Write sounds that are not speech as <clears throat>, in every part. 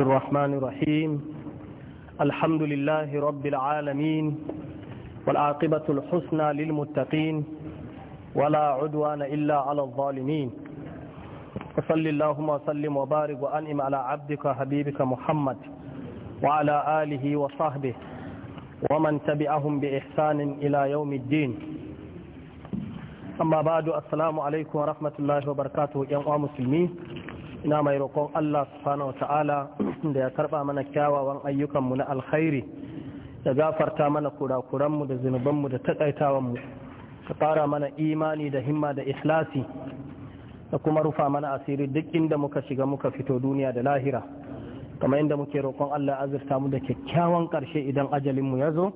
الرحمن الرحيم الحمد لله رب العالمين والعاقبة الحسنى للمتقين ولا عدوان إلا على الظالمين وصل اللهم وسلم وبارك وأنعم على عبدك حبيبك محمد وعلى آله وصحبه ومن تبعهم بإحسان إلى يوم الدين أما بعد السلام عليكم ورحمة الله وبركاته يا مسلمين ina mai roƙon Allah subhanahu ta'ala da ya karɓa mana kyawawan ayyukanmu na alkhairi da gafarta mana kurakuranmu da zunubanmu da taƙaitawanmu ka ƙara mana imani da himma da ikhlasi da kuma rufa mana asiri duk inda muka shiga muka fito duniya da lahira kamar inda muke roƙon Allah azurta mu da kyakkyawan ƙarshe idan ajalinmu ya zo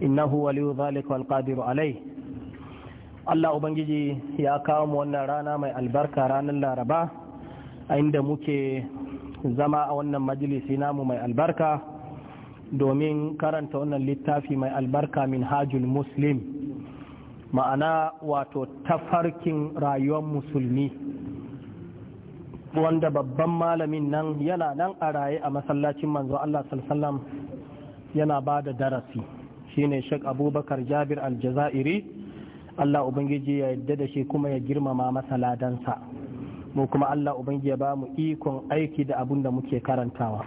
innahu waliyu zalika wal qadiru alai Allah ubangiji ya kawo mu wannan rana mai albarka ranar Laraba a inda muke zama a wannan majalisi namu mai albarka domin karanta wannan littafi mai albarka min hajjul muslim ma'ana wato tafarkin rayuwar musulmi wanda babban malamin nan yana nan a raye a masallacin manzo Allah sallallahu yana ba da darasi shine shek Abubakar Jabir Aljazairi Allah Ubangiji ya yadda da shi kuma ya girmama masaladansa. mu kuma Allah ya ba mu ikon aiki da abun da muke karantawa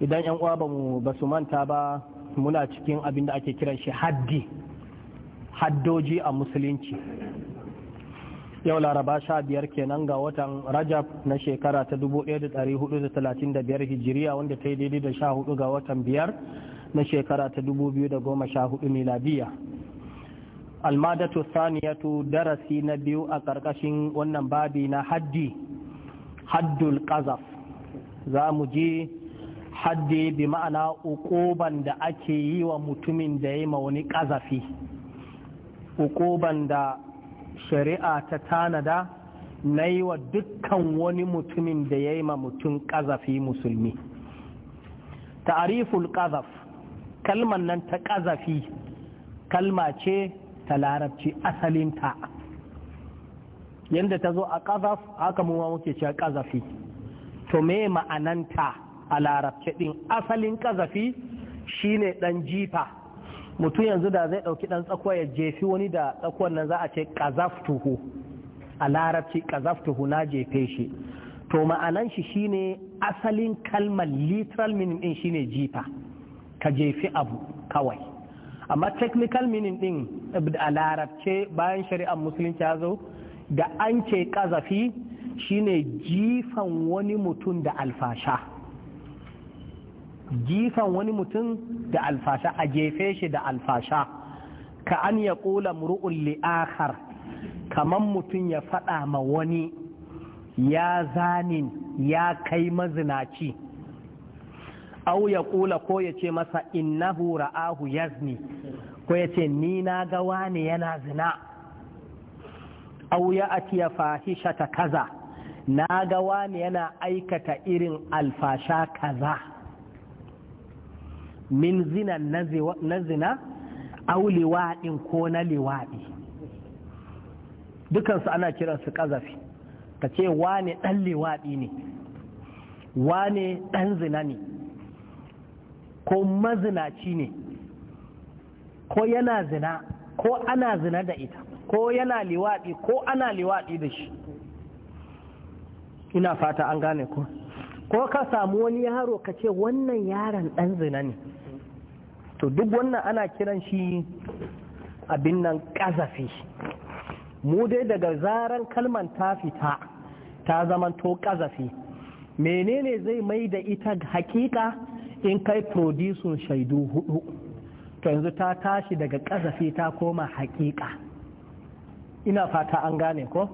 idan yan uwa ba mu ba su manta ba muna cikin abin da ake kiran shi haddi haddoji a musulunci yau laraba sha biyar kenan ga watan rajab na shekara ta 1435 hijiriya wanda ta yi daidai da sha hudu ga watan biyar na shekara ta 2014 miladiya almadatu saniyatu darasi na biyu a ƙarƙashin wannan babi na haddi haddul ƙazaf za mu ji haddi bi ma'ana uƙoban da ake yi wa mutumin da ya ma wani ƙazafi uƙoban da shari'a ta tanada na yi wa dukkan wani mutumin da ya yi ma mutum ƙazafi musulmi ta'ariful ƙazaf kalman nan ta ƙazafi kalma ce ta larabci asalinta yadda ta zo a ƙazaf haka mu ma muke cewa ƙazafi to me ma'ananta a larabci din asalin ƙazafi shine ɗan jifa mutum yanzu da zai ɗauki ɗan tsakuwa ya jefi wani da tsakuwan nan za a ce ƙazaftuhu a larabci ƙazaftuhu na jefe shi to ma'anan shi shine asalin kalmar literal meaning din shine jifa ka jefi abu kawai amma technical meaning din a larabce bayan shari'ar musulunci ya zo da an ce kazafi shine jifan wani mutum da alfasha jifan wani mutum da alfasha a jefe shi da alfasha ka an ya kula muru'un li'akar kamar mutum ya faɗa ma wani ya zanin ya kai mazinaci au ya kula ko ya ce masa innahu ra'ahu yazni ko ya ce ni na ga wani yana zina au ya atiya fahishata kaza na ga wani yana aikata irin alfasha kaza min zina na zina aw liwaɗin ko na liwaɗi dukansu ana su kazafi ka ce wani ɗan liwaɗi ne wani ɗan zina ne ko mazinaci ne ko yana zina ko ana zina da ita ko yana liwaɗi ko ana liwaɗi da shi ina fata an gane ko ko ka samu wani yaro ka ce wannan yaron ɗan zina ne to duk wannan ana kiran shi abin nan ƙazafi mu dai daga zaren kalman ta fita ta zamanto ƙazafi menene zai mai da ita hakika in kai produsun shaidu hudu to yanzu ta tashi daga kasafi ta koma hakika ina fata an gane ko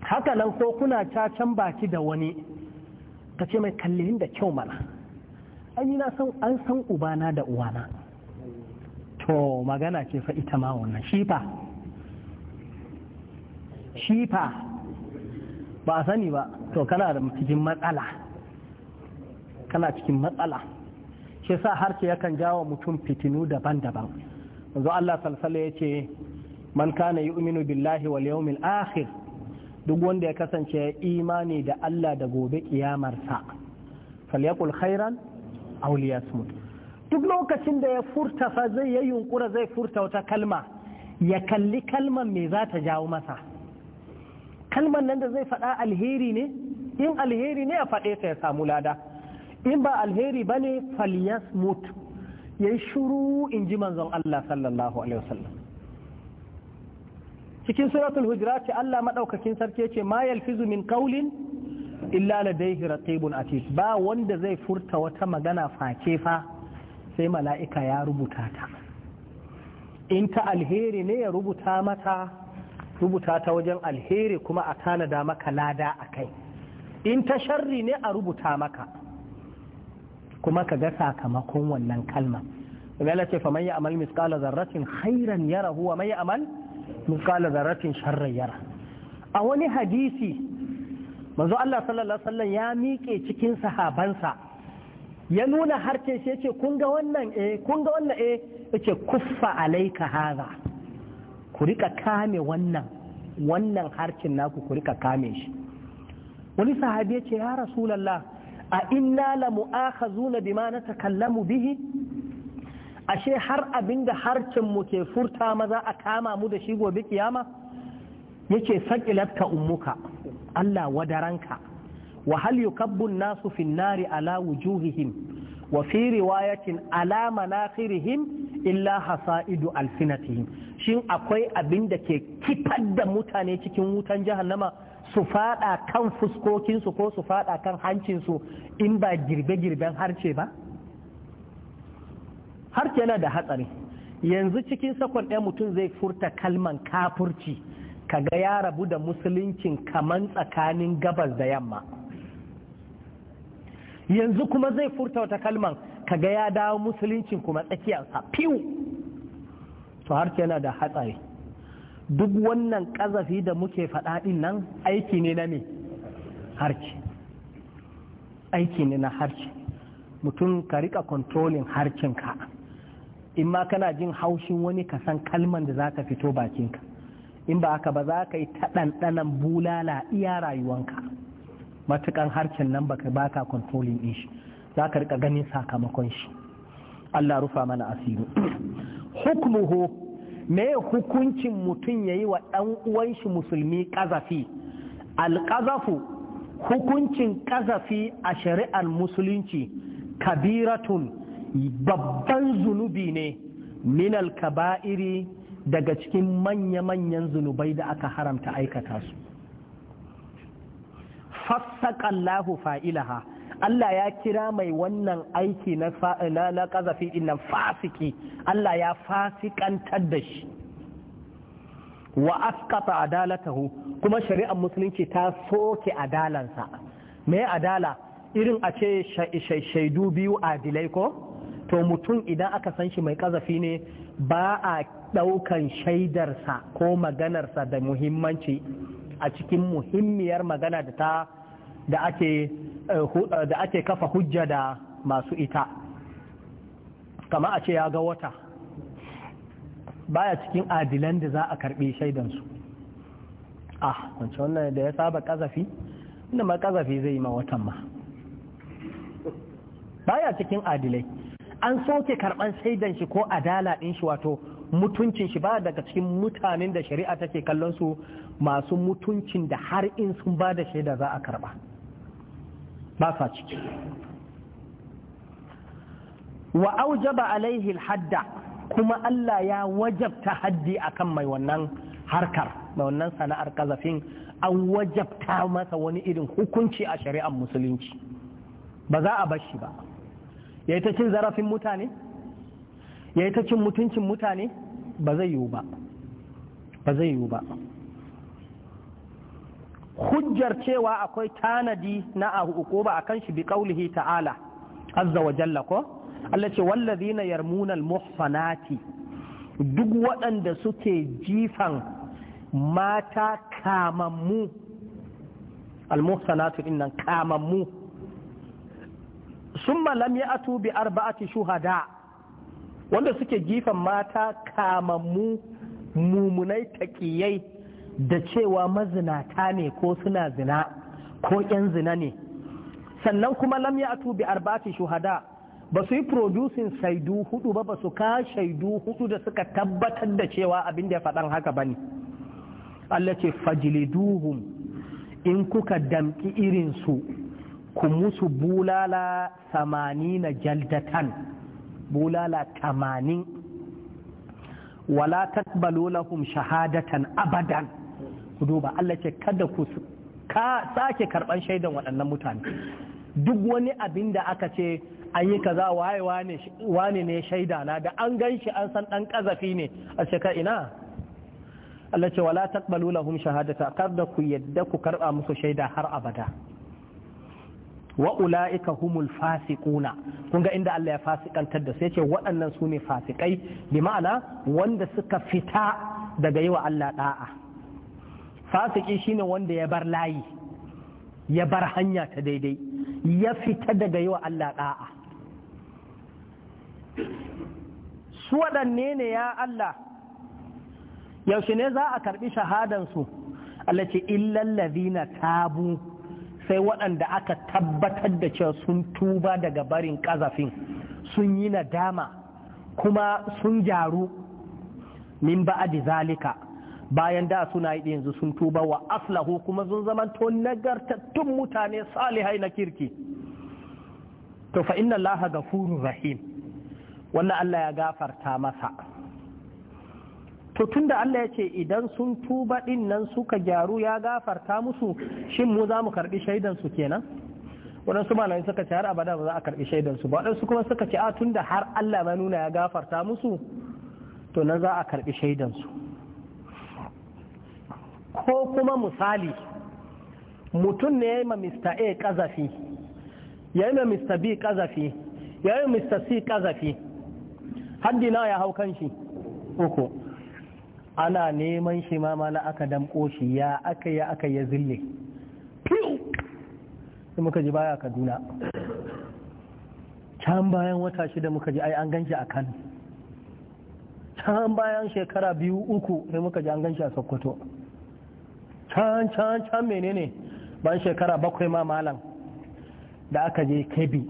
haka nan ko kuna cacan baki da wani ka ce mai kallihin da kyau mana an yi an san ubana da uwana to magana ce fa ita ma wannan shifa shifa ba a sani ba to kana da cikin matsala kana cikin matsala shi sa harshe yakan jawo mutum fitinu daban-daban yanzu Allah salsala ya ce man kana yu'minu billahi wal yawmil akhir duk wanda ya kasance ya imani da Allah da gobe kiyamarsa falyakul khairan aw liyasmut duk lokacin da ya furta fa zai ya yunkura zai furta wata kalma ya kalli kalman me za ta jawo masa kalman nan da zai faɗa alheri ne in alheri ne ya faɗe ta ya samu lada in ba alheri bane falyas mut yayi shuru in ji manzon Allah sallallahu alaihi wasallam cikin suratul ce Allah madaukakin sarki yace ma yalfizu min qawlin illa ladayhi raqibun atid ba wanda zai furta wata magana face fa sai mala'ika ya rubuta ta in ta alheri ne ya rubuta mata rubuta ta wajen alheri kuma a tanada maka lada a kai in ta sharri ne a rubuta maka kuma ka ga sakamakon wannan kalma ya ce fa man ya'mal misqala dharratin khairan yara huwa man ya'mal misqala dharratin sharran yara a wani hadisi manzo Allah sallallahu alaihi wasallam ya miƙe cikin sahabansa ya nuna harke shi yace kun ga wannan eh kun ga wannan eh yace kuffa alaika hadha ku rika kame wannan wannan harkin naku ku rika kame shi wani sahabi yace ya rasulullah a inna la na bima natakallamu bihi ashe har abinda harcin mu ke furta maza a kama mu da shi gobe kiyama yake saqilatka ummuka Allah wadaranka wa hal yukabbu nasu fi nari ala wujuhihim wa fi riwayatin ala manakhirihim illa hasa'idu alfinatihim shin akwai abinda ke kifar da mutane cikin wutan jahannama su fada kan fuskokinsu ko su fada kan hancinsu in ba girbe-girben harce ba? Harce yana da hatsari yanzu cikin sakon ɗaya mutum zai furta kalman kafurci kaga ya rabu da musuluncin kaman tsakanin gabas da yamma yanzu kuma zai furta wata kalman kaga ya dawo musuluncin kuma tsakiyarsa fiw to harce yana da hatsari duk wannan ƙazafi da muke ɗin nan aiki ne na me harci aiki ne na harci mutum ka rika kontrolin harcinka in ma kana jin haushin wani ka san kalman da za ka fito bakinka in ba haka ba za ka yi ta ɗanɗanan bulala iya rayuwanka matukan harcin nan baka baka kontrolin ɗin shi za ka rika ganin sakamakon shi Allah rufa mana asiri <clears throat> hukumu. me hukuncin mutum ya yi wa ɗan uwan shi musulmi ƙazafi alƙazafu hukuncin ƙazafi a shari'ar musulunci kabiratun babban zunubi ne minal kaba'iri daga cikin manya-manyan zunubai da aka haramta aikata su fassaƙallahu fa'ilaha Allah ya kira mai wannan aiki na na kazafi fasiki Allah ya fasikantar da shi wa asqata adalatahu kuma shari'ar musulunci ta soke adalansa me adala irin a ce shaidu biyu adilai ko to mutum idan aka san shi mai kazafi ne ba a ɗaukan shaidarsa ko maganarsa da muhimmanci a cikin muhimmiyar magana da ta da ake eh, eh, da ake kafa hujja da masu ita kama a ce ya ga wata baya cikin adilan da za a karbi shaidansu ah wancan wannan da ya saba kazafi inda ma kazafi zai yi ma watan ma baya cikin adilai an soke karban shaidan shi ko adala din shi wato mutuncin shi ba daga cikin mutanen da shari'a take kallon su masu mutuncin da har in sun ba da shaida za a karba ba sa ciki wa aujaba alaihi hadda kuma Allah ya wajabta haddi akan mai wannan harkar mai wannan sana'ar kazafin an wajabta masa wani irin hukunci a shari'ar musulunci ba za a bashi ba ya ta cin zarafin mutane ya ta cin mutuncin mutane ba zai yiwu ba ba zai yiwu ba hujjar cewa akwai tanadi na abu ba akan shi bi qaulihi ta'ala azza wa jalla ko Allah ce wallazina yarmuna muhsanati duk waɗanda suke jifan mata kamammu almuhsanatu dinnan kamammu summa lam ya'tu bi arba'ati shuhada wanda suke jifan mata kamammu mumunai taqiyai da cewa mazinata ne ko suna zina ko 'yan zina ne sannan kuma lam ya bi arba'ati shuhada ba su yi producing shaidu hudu ba ba su ka shaidu hudu da suka tabbatar da cewa abin da ya faɗan haka ba ne Allah ce fajliduhum in kuka damki su, ku musu bulala samani na jaldatan bulala tamanin wala tatbalo lahum shahadatan abadan ku duba Allah ce kada ku ka sake karban shaidan waɗannan mutane duk wani abin da aka ce an yi kaza waye wane ne shaida na da an gan shi an san ɗan ƙazafi ne a ce ina Allah ce wala taqbalu lahum shahadata kar da ku yadda ku karɓa musu shaida har abada wa ula'ika humul fasiquna kun ga inda Allah ya fasikantar da sai ce waɗannan su ne fasikai bi ma'ana wanda suka fita daga yi wa Allah da'a fasiki shine wanda ya bar layi ya bar hanya ta daidai ya fita daga yi wa Allah da'a su waɗanne ne ya Allah yaushe ne za a karɓi shahadansu Allah ce illallazina tabu sai waɗanda aka tabbatar da cewa sun tuba daga barin ƙazafin sun yi nadama kuma sun jaru min ba'adi zalika bayan da suna yi yanzu sun tuba wa aslahu kuma sun nagarta nagartattun mutane salihai na kirki to fa inna allaha gafurur rahim wannan Allah ya gafarta masa to tunda Allah ya ce idan sun tuba din nan suka gyaru ya gafarta musu shin mu za mu karbi shaidan su kenan waɗansu malamai suka ce har abada ba za a karbi shaidan su ba waɗansu kuma suka ce a tunda har Allah ma nuna ya gafarta musu to nan za a karbi shaidan su ko kuma misali mutum ne ya yi ma mr a kazafi ya yi ma mr b kazafi ya yi mr c kazafi haddina ya hau kanshi, shi uku ana neman shi ma mana aka damko shi ya aka ya aka ya zille sai muka ji baya kaduna can bayan wata shida muka ji ai an ganshi a kano can bayan shekara biyu uku sai muka ji an ganshi a sokoto can can can menene ban shekara bakwai ma malam da aka je kebi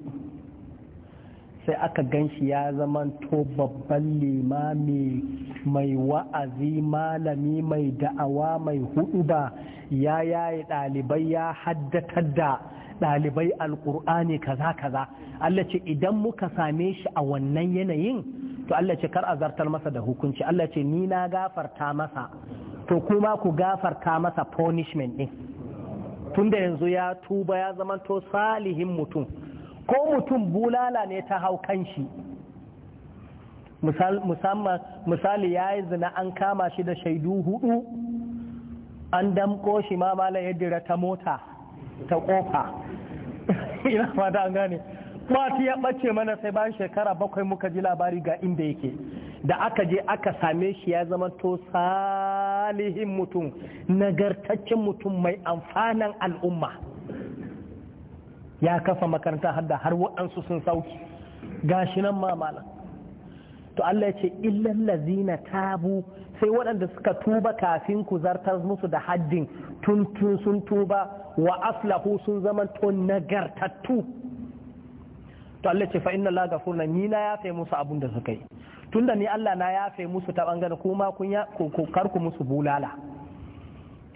sai aka gan shi ya zama to babban limami mai wa'azi malami mai da'awa mai hudu ba ya yaye ɗalibai ya haddatar da ɗalibai alkur'ani kaza kaza Allah ce idan muka same shi a wannan yanayin to Allah ce kar a zartar masa da hukunci Allah ce ni na gafarta masa to kuma ku gafarta masa punishment ɗin tunda yanzu ya tuba ya zamanto salihin mutum ko mutum bulala ne ta hau kan shi misali ya yi zina an kama shi da shaidu hudu an damko shi ma mala ya dira ta mota ta kofa <laughs> ina fata an gane Mati ya ɓace mana sai bayan shekara bakwai muka ji labari ga inda yake da aka je aka same shi ya zama to salihin mutum nagartaccen mutum mai amfanan al'umma ya kafa makaranta hadda har waɗansu sun sauki gashi nan mamala to Allah ya ce illan lazina tabu sai waɗanda suka tuba kafin ku zartar musu da haddin tuntun sun tuba wa aflahu sun zama to nagartattu to Allah ce fa inna gafur na ni na yafe musu abun da suka yi tunda ni Allah na yafe musu ta bangare kuma kun ya kar ku musu bulala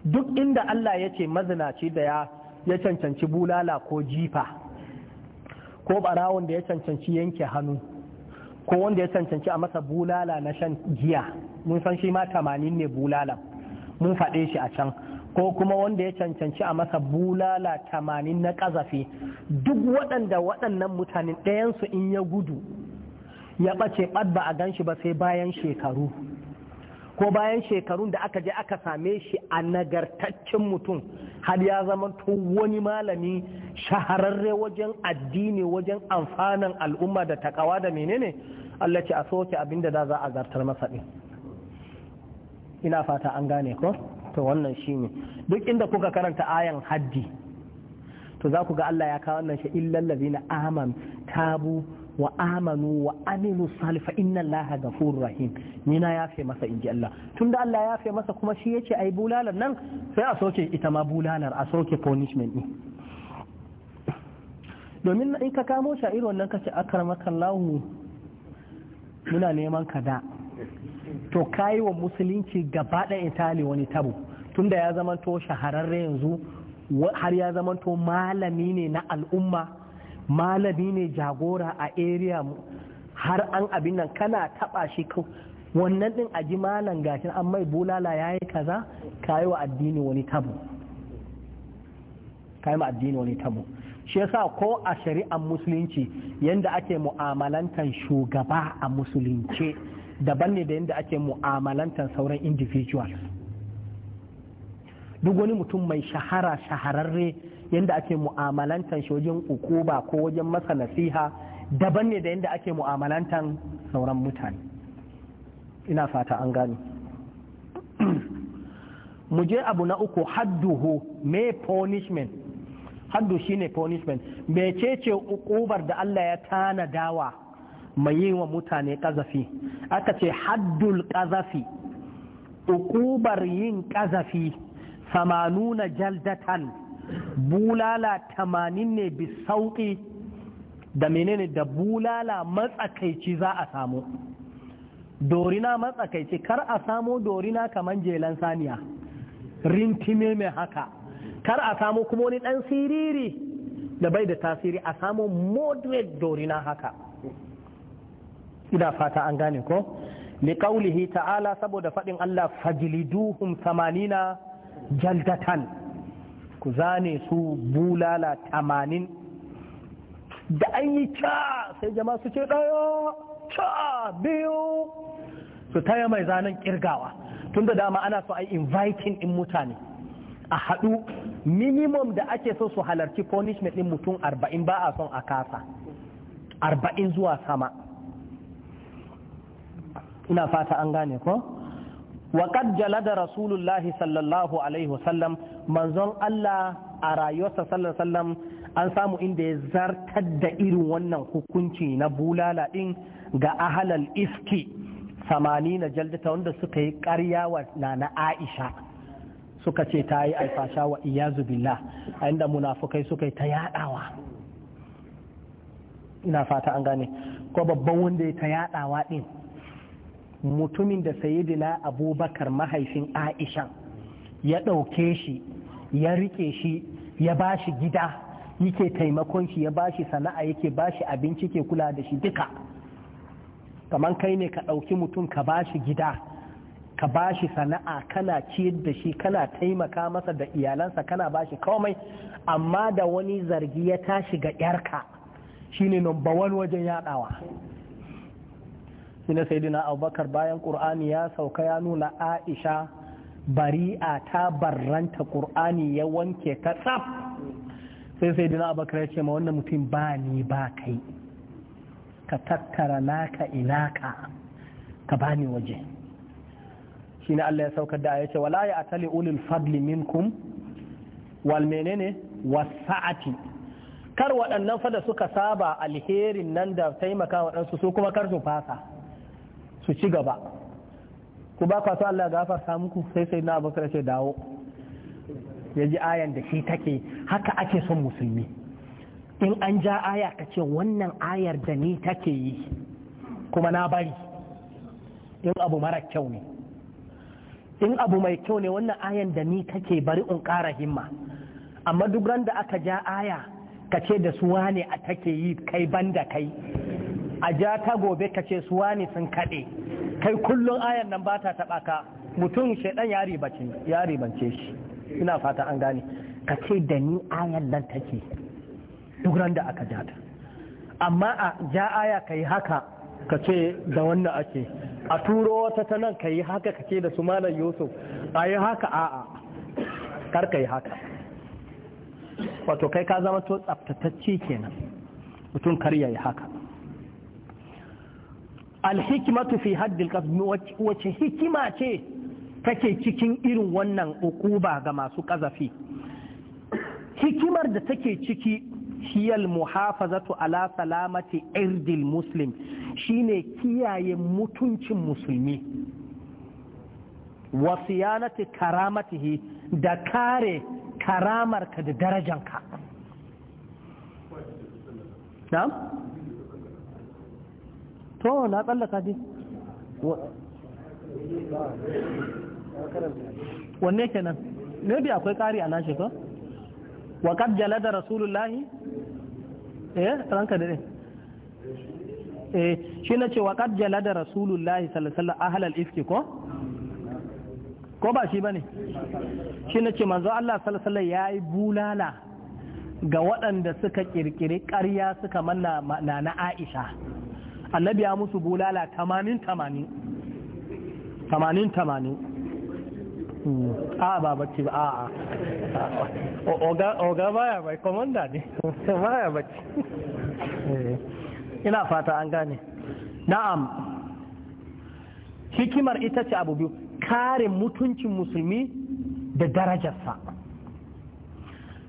duk inda Allah yace ce mazinaci da ya ya cancanci bulala ko jifa ko barawon da ya cancanci yanke hannu ko wanda ya cancanci a masa bulala na shan giya mun san shi ma tamanin ne bulala mun faɗe shi a can ko kuma wanda ya cancanci a masa bulala tamanin na ƙazafe duk waɗanda waɗannan mutanen ɗayansu in ya gudu ya ɓace ɓad ba a gan shi ba sai bayan shekaru ko bayan shekarun da aka je aka same shi a nagartaccen mutum har ya zama to wani malami shahararre wajen addini wajen amfanin al'umma da takawa da menene Allah ce a soke abinda da za a zartar masa ɗin ina fata an gane ko to wannan shi ne duk inda kuka karanta ayan haddi to za ku ga Allah ya kawo wannan shi illal ladina aman tabu wa amanu wa aminu fa inna allaha ghafurur rahim ni na yafe masa inji Allah tunda Allah ya yafe masa kuma shi yace ai bulalar nan sai a soke ita ma bulalar a soke punishment din domin in ka kamo sha'ir wannan kace akramakallahu muna neman ka da to kayi wa musulunci gaba ɗaya itali wani tabo tunda ya zamanto shahararre yanzu har ya zamanto malami ne na al'umma malami ne jagora a area har an abin nan kana taba shi wannan din a ji malam gashin an mai bulala ya yi kaza kayi wa addini wani tabo kayi wa addini wani tabo shi yasa ko a shari'ar musulunci yadda ake mu'amalantar shugaba a musulunce daban ne da yadda ake mu'amalantar sauran individual duk wani mutum mai shahara shahararre yadda ake mu'amalantar shi wajen ukuba ko wajen masa nasiha daban ne da yadda ake mu'amalantar sauran mutane ina fata an gani <clears throat> mu je abu na uku hadduhu me punishment haddu shine punishment mecece ukubar da Allah ya tana dawa. mai yi wa mutane ƙazafi aka ce haddul ƙazafi ukubar yin ƙazafi samanuna jaldatan bulala tamanin ne bi sauƙi da menene da bulala matsakaici za a samu dorina matsakaici kar a samu dorina kamar jelan saniya rintime mai haka kar a samu kuma wani ɗan siriri da bai da tasiri a samo moderate dorina haka ina fata an gane ko qawlihi ta'ala saboda faɗin Allah fajliduhum samanina jaldatan ku zane su bulala tamanin da an yi ca sai jama'a su ce ɗaya ca biyu su taya mai zanen kirgawa tun da dama ana so a yi inviting in mutane a haɗu minimum da ake so su halarci punishment ɗin mutum arba'in ba a son a kasa arba'in zuwa sama ina fata an gane ko waƙad jalada rasulullahi sallallahu alaihi wasallam manzon Allah a rayuwarsa sallallahu wasallam an samu inda ya zartar da irin wannan hukunci na bulala ɗin ga ahalal iski samani na jaldata wanda suka yi ƙarya wa na aisha suka ce ta yi alfasha wa iyazu billah a inda munafukai suka yi ta yaɗawa ina fata an gane ko babban wanda ya ta yaɗawa ɗin mutumin da sayidina abubakar mahaifin aisha ya ɗauke shi ya riƙe shi ya ba shi gida yake taimakon shi ya ba shi sana'a yake ba shi abinci ke kula da shi duka kamar kai ne ka ɗauki mutum ka ba shi gida ka ba shi sana'a kana ciyar da shi kana taimaka masa da iyalansa kana ba shi komai amma da wani zargi ya tashi ga yarka shine number one wajen yaɗawa. shi sai sayidina abubakar bayan ƙur'ani ya sauka ya nuna aisha bari'a ta barranta ƙur'ani ya wanke ta tsaf sai sayidina abubakar ya ce ma wannan mutum ba ni ba kai ka tattara naka inaka ka bani waje shi Allah ya saukar da ya ce wala ya atali ulil fadli minkum wal menene wasa'ati kar waɗannan fada suka saba alherin nan da taimaka waɗansu su kuma kar su fasa su ci gaba ku ba kwaso Allah gafarta muku sai sai na abubakar ce dawo ya ji ayan da shi take haka ake son musulmi in an ja aya ka ce wannan ayar da ni take yi kuma na bari in abu mara kyau ne in abu mai kyau ne wannan ayan da ni take bari in ƙara himma amma duk ran da aka ja aya ka ce da suwa wane a take yi kai banda kai a ja ta gobe ka ce suwa ne sun kaɗe kai kullum ayan nan ba ta taɓa ka mutum shaidan ya ribance shi ina fata an gane ka ce da ni ayan nan take duk ran da aka ja ta amma a ja aya ka yi haka ka ce da wannan ake a turo wata ta nan ka yi haka ka ce da su malam yusuf a yi haka a'a kar ka yi haka wato kai ka zama to tsaftatacce kenan mutum kar ya yi haka alhikimatu fi haddil qasd wace hikima ce take cikin irin wannan ukuba ga masu kazafi hikimar da take ciki hiyal muhafazatu ala salamati irdil muslim shine kiyaye mutuncin musulmi wa siyanati karamatihi da kare karamarka da darajanka na'am to na tsallaka ji wanne kenan ne bi akwai ƙari a nashi ko wa qad jalada rasulullahi eh ranka dare eh shi na ce wa Jala da rasulullahi sallallahu a halal ifki ko ko ba shi ba ne shi na ce manzo Allah sallallahu alaihi wasallam yayi bulala ga waɗanda suka kirkiri ƙarya suka manna na na Aisha annabi ya musu bulala tamanin tamanin tamanin hmm. a ba bacci ba a a oga baya bai komanda ne <laughs> baya bacci eh, ina fata an gane na'am hikimar ita ce abu biyu kare mutuncin musulmi da darajarsa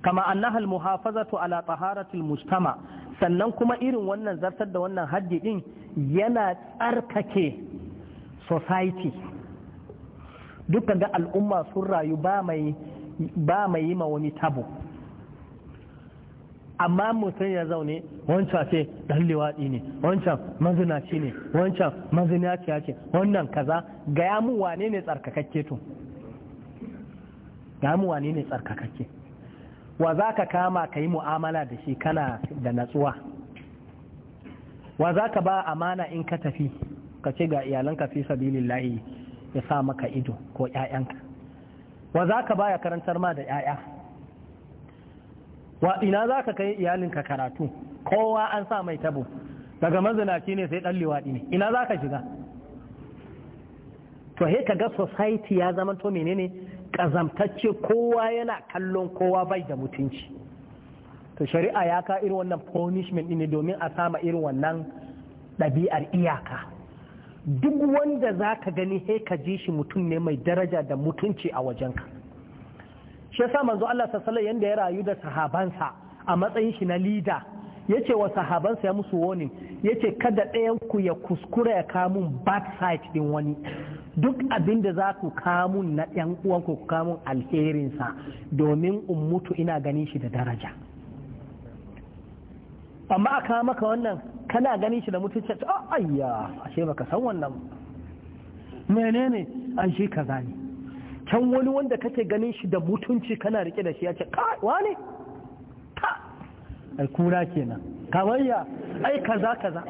kama annahal muhafazatu ala taharatul mujtama' sannan kuma irin wannan zartar da wannan haddi din yana tsarkake society dukkan ga al'umma sun rayu ba mai yi ma wani tabo amma mutum ya zaune wancan ce dan liwaɗi ne wancan mazinaci ne wancan ya ce wannan kaza ga ya mu wane ne tsarkakakke to ga mu wane ne tsarkakakke wa za ka kama ka yi mu'amala da shi kana da natsuwa wa za ka ba amana in ka tafi ka ce ga iyalanka fi sabilillahi ya sa maka ido ko 'ya'yanka wa za ka ba ya karantar ma da 'ya'ya wa ina za ka kai iyalinka karatu kowa an sa mai tabo daga mazinaci ne sai ɗan liwaɗi ne ina za ka shiga to he ka ga society ya zama to menene ƙazamtacce kowa yana kallon kowa bai da mutunci to shari'a ya ka irin wannan punishment ne domin a sama irin wannan ɗabi'ar iyaka duk wanda za ka gani sai ka ji shi mutum ne mai daraja da mutunci a wajenka shi yasa manzo Allah sallallahu yanda ya rayu da sahabansa a matsayin shi na lida yace wa sahabansa ya musu warning yace kada ɗayan ku ya kuskura ya kamun side din wani duk abin da za ku kamun na ɗan uwanku ku kamun alherinsa domin in mutu ina ganin shi da daraja amma a kawo maka wannan kana ganin shi da mutunci a ah, ayya ashe baka san wannan menene an shi kaza ne can wani wanda kake ganin shi da mutunci kana rike da shi ya ce ka wane ta ai kura kenan kawaiya ai kaza kaza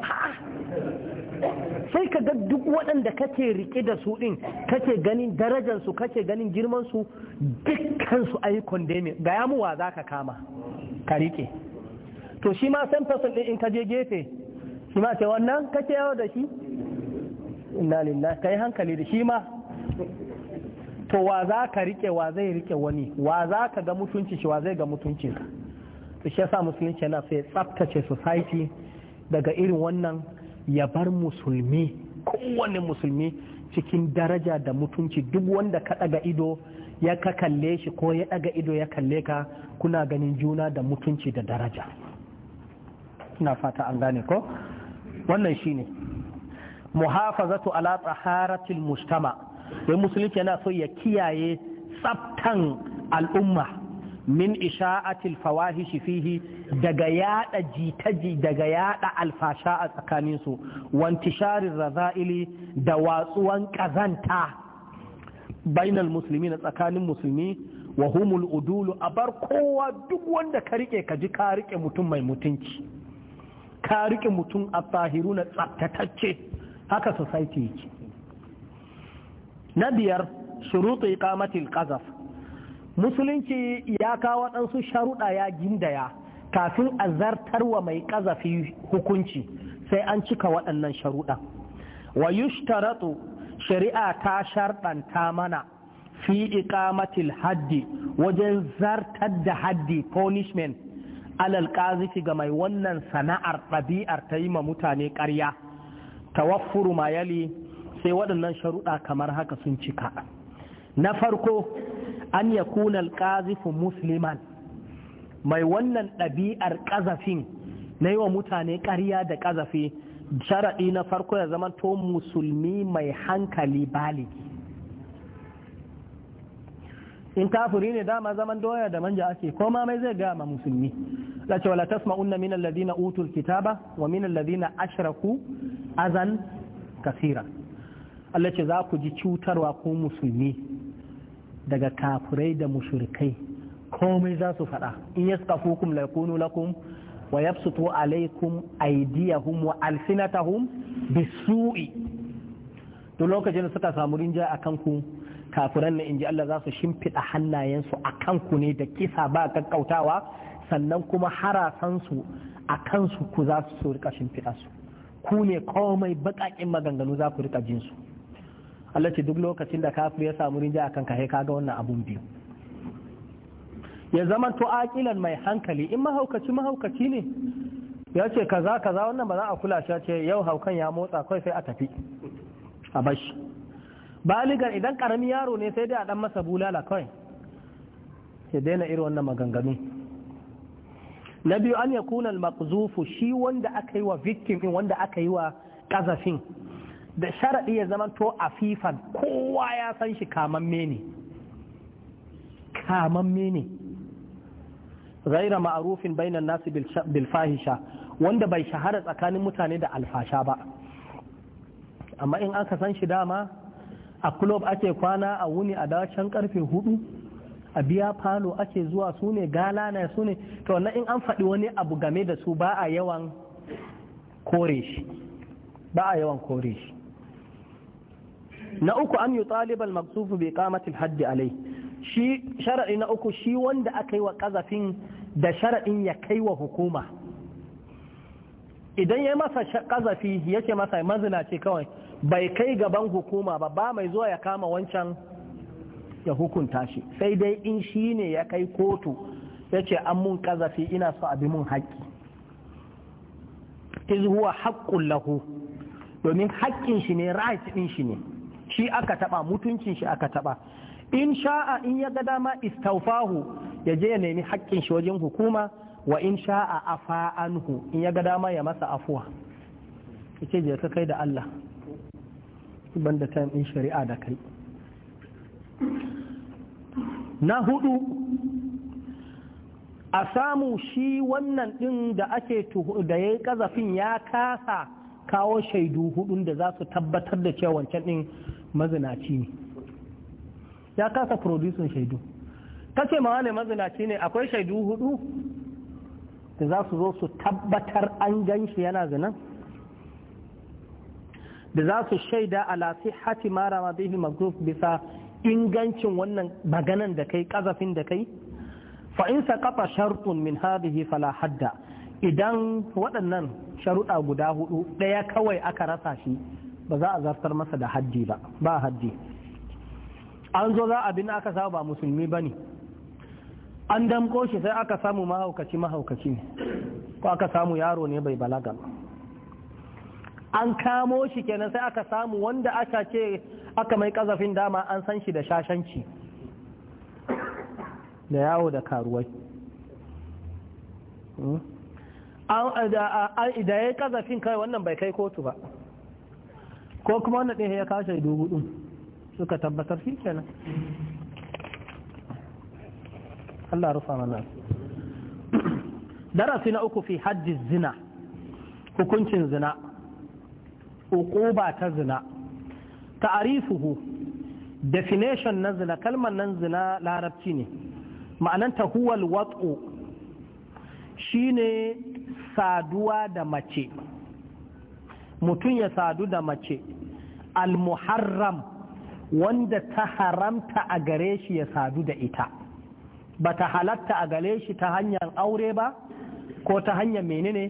sai ka ga duk waɗanda kake rike da su ɗin kake ganin darajansu kake ganin girmansu dukkansu ayi kondemi ga yamuwa za ka kama ka rike to shi ma san fasul ɗin in ka je gefe shi ma ce wannan kake yawo da shi inna Ka kai hankali da shi ma to wa za ka rike wa zai rike wani wa za ka ga mutunci shi wa zai ga mutuncin su shi yasa musulunci yana sai tsaftace society daga irin wannan ya bar musulmi kowane musulmi cikin daraja da mutunci duk wanda ka ɗaga ido ya ka kalle shi ko ya ɗaga ido ya kalle ka kuna ganin juna da mutunci da daraja ina fata an gane ko wannan shi shine muhafazatu ala taharatil mustama ya musulunci yana so ya kiyaye tsaftan al'umma min isha'atil fawahishi fihi daga yada jitaji daga yada alfasha a tsakanin su sharin raza'ili da watsuwan kazanta bainal musulmi na tsakanin musulmi wa humul udulu a bar kowa duk wanda ka rike ka ji ka rike mutum mai mutunci ka rike mutum a tsahiru na tsaftatacce haka society yake na biyar shuruɗi iqamatil qazaf musulunci ya kawo waɗansu sharuɗa ya gindaya kafin a zartar wa mai ƙazafi hukunci sai an cika waɗannan sharuɗa wa yushtaratu shari'a ta sharɗanta mana fi iqamatil haddi wajen zartar da haddi punishment alal ga mai wannan sana'ar ɗabi'ar ta yi ma mutane ƙarya tawaffuru ma yali sai waɗannan sharuɗa kamar haka sun cika na farko an ya kuna alƙazifin musliman mai wannan ɗabi'ar ƙazafin na yi wa mutane ƙarya da ƙazafi sharaɗi na farko ya zama to musulmi mai hankali baligi in kafiri ne dama zaman doya da manja ake koma mai zai gama musulmi la ce wala unna min alladhina utul kitaba wa min alladhina ashraku azan kasira Allah ce za ku ji cutarwa ko musulmi daga kafurai da mushrikai komai za su faɗa in yastafukum la yakunu lakum wa yabsutu alaikum aydiyahum wa alsinatahum bisu'i to lokacin da suka samu rinja akan ku kafiran na inji Allah za su shimfiɗa hannayensu a kanku ne da kisa ba kakkautawa sannan kuma harasansu a kansu ku za su rika shimfiɗa su ku ne komai baƙaƙin maganganu za ku rika jinsu Allah ce duk lokacin da kafir ya samu rinja akan ka ka ga wannan abun biyu ya zama to aqilan mai hankali in mahaukaci mahaukaci ne ya ce kaza kaza wannan ba za a kula shi ce yau haukan ya motsa kai sai a tafi a bashi baligar idan karami yaro ne sai dai a dan masa bulala kai ya daina irin wannan maganganu na biyu an ya kunan makzufu shi wanda aka yi wa victim wanda aka yi wa kazafin da sharaɗi ya zama to a fifan kowa ya san shi kamamme ne kamamme ne Zaira ma'arufin bainan nasu bilfahisha wanda bai shahara tsakanin mutane da alfasha ba amma in aka san shi dama a kulob ake kwana a wuni a dacen karfe hudu a biya falo ake zuwa su ne gala na su ne to wannan in an faɗi wani abu game da su ba yawan kore ba a yawan kore shi na uku an yi talibal maksufu bai kamatin haddi alai shi shara'i na uku shi wanda aka yi wa kazafin da shara'in ya kai wa hukuma idan ya masa kazafi yake masa mazina ce kawai bai kai gaban hukuma ba ba mai zuwa ya kama wancan ya hukunta shi sai dai in shi ne ya kai kotu ya ce an mun kazafi ina so abi mun haƙƙi iz huwa haƙƙun lahu domin haƙƙin shi ne right ɗin shi ne shi aka taba mutuncin shi aka taba in sha'a in ya ga dama istaufahu ya je ya nemi haƙƙin shi wajen hukuma wa in sha'a afa anhu in ya ga dama ya masa afuwa yace je ka kai da Allah banda ta in shari'a da kai na hudu a samu shi wannan din da ake da yayi kazafin ya kasa kawo shaidu hudun da za su tabbatar da cewa wancan din mazinaci ne ya kasa producin shaidu ce ma wane mazinaci ne akwai shaidu hudu da za su zo su tabbatar an gan shi yana zinan da za su shaida ala mara ma bihi magruf bisa ingancin wannan maganan da kai kazafin da kai fa in saqata shartun min hadhihi fala hadda idan waɗannan sharuɗa guda hudu ɗaya kawai aka rasa shi ba za a zartar masa da haddi ba ba haddi an zo za abin aka samu ba musulmi ba ne an damko shi sai aka samu mahaukaci mahaukaci ne ko aka samu yaro ne bai balaga ba an kamo shi kenan sai aka samu wanda aka ce aka mai kazafin dama an san shi da shashanci da yawo da karuwai hmm? da ya yi kazafin kai wannan bai kai kotu ba ko kuma wannan ɗaya ya kawo shaidu hudu suka tabbatar shi kenan Allah rufa mana darasi na uku fi hajji zina hukuncin zina uquba ta zina ta'arifuhu definition na zina kalmar nan zina larabci ne ma'ananta huwal wat'u shine saduwa da mace mutum ya sadu da mace almuharram wanda ta haramta a gare shi ya sadu da ita ba ta halatta a gare shi ta hanyar aure ba ko ta hanyar menene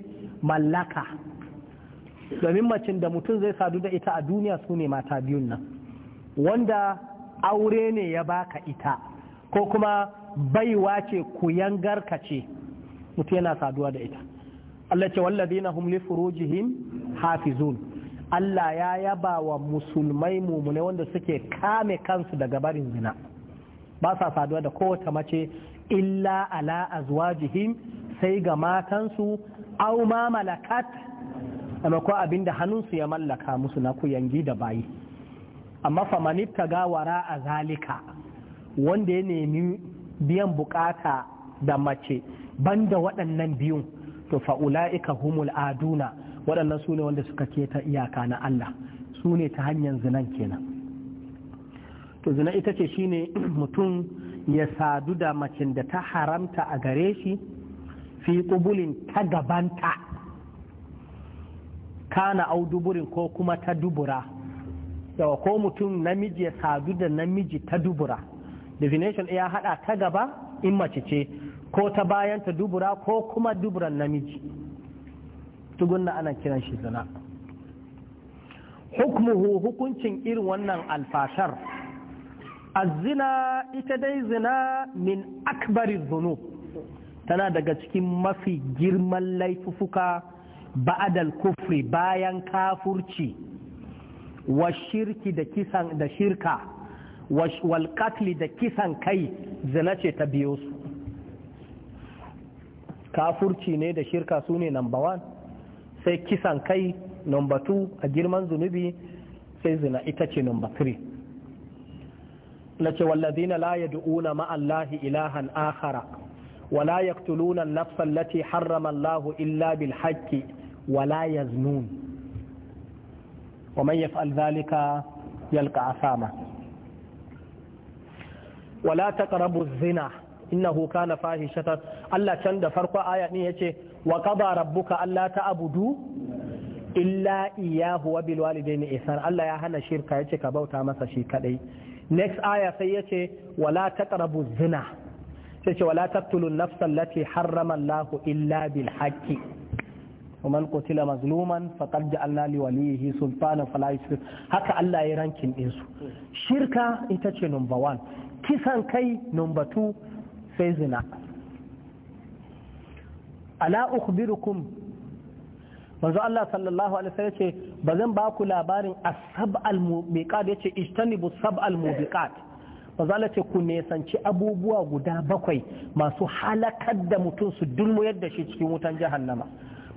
mallaka domin macin da mutum zai sadu da ita a duniya su ne mata biyun nan wanda aure ne ya baka ita ko kuma baiwa ce ka ce mutum yana saduwa da ita Allah ce walladina hum li furujihim hafizun Allah ya yaba wa musulmai mumune wanda suke kame kansu daga barin zina ba sa saduwa da kowace mace illa ala azwajihim sai ga matansu au ma malakat abin abinda hannunsu ya mallaka musu na kuyangi da bayi amma famanitta gawara a zalika wanda ya nemi biyan bukata da mace banda waɗannan biyun to fa'ula'ika humul aduna waɗannan su ne wanda suka keta iyaka na Allah sune ta hanyar zinan kenan to zina ita ce shine <clears throat> mutum ya sadu da macin da ta haramta a gare shi fi ƙubulin ta gabanta kana au duburin ko kuma ta dubura yawa ko mutum namiji ya sadu da namiji ta dubura definition ya haɗa ta gaba in mace ce ko ta bayan ta dubura ko kuma duburan namiji tugunna ana kiran shi zina hukmuhu hukuncin irin wannan alfashar azina ita dai zina min akbari zunu, tana daga cikin mafi girman laifufuka ba'adal kufri bayan kafurci wa shirki da kisan da shirka wal qatl da kisan kai zina ce ta biyo su kafurci ne da shirka su ne number one sai kisan kai number two a girman zunubi sai zina ita ce number three na ce wallazina la yad'una ma'allahi ilahan akhara yaqtuluna an-nafsa ولا يقتلون النفس التي حرم الله إلا بالحق ولا يزنون ومن يفعل ذلك يلقى عثاما taqrabu az-zina innahu kana fahishatan Allah can da farko aya din yace wa qada rabbuka alla ta'budu illa iyyahu wa bil walidayni ihsan Allah ya hana shirka yace ka bauta masa shi kadai next aya sai yace wala taqrabu zina sai ce wala taqtulun nafsa allati harrama Allah illa bil haqqi ومن قتل مظلوما فقد جعلنا لوليه سلطانا فلا يسرف haka Allah ya rankin din su shirka ita ce number 1 kisan kai number 2 sai zina ala ukhbirukum manzo Allah sallallahu alaihi wasallam yace ba zan ba ku labarin asab sabal mubiqat yace sab sab'al mubiqat manzo Allah ce ku nesanci abubuwa guda bakwai masu halakar da mutum su dulmuyar yadda shi cikin wutan jahannama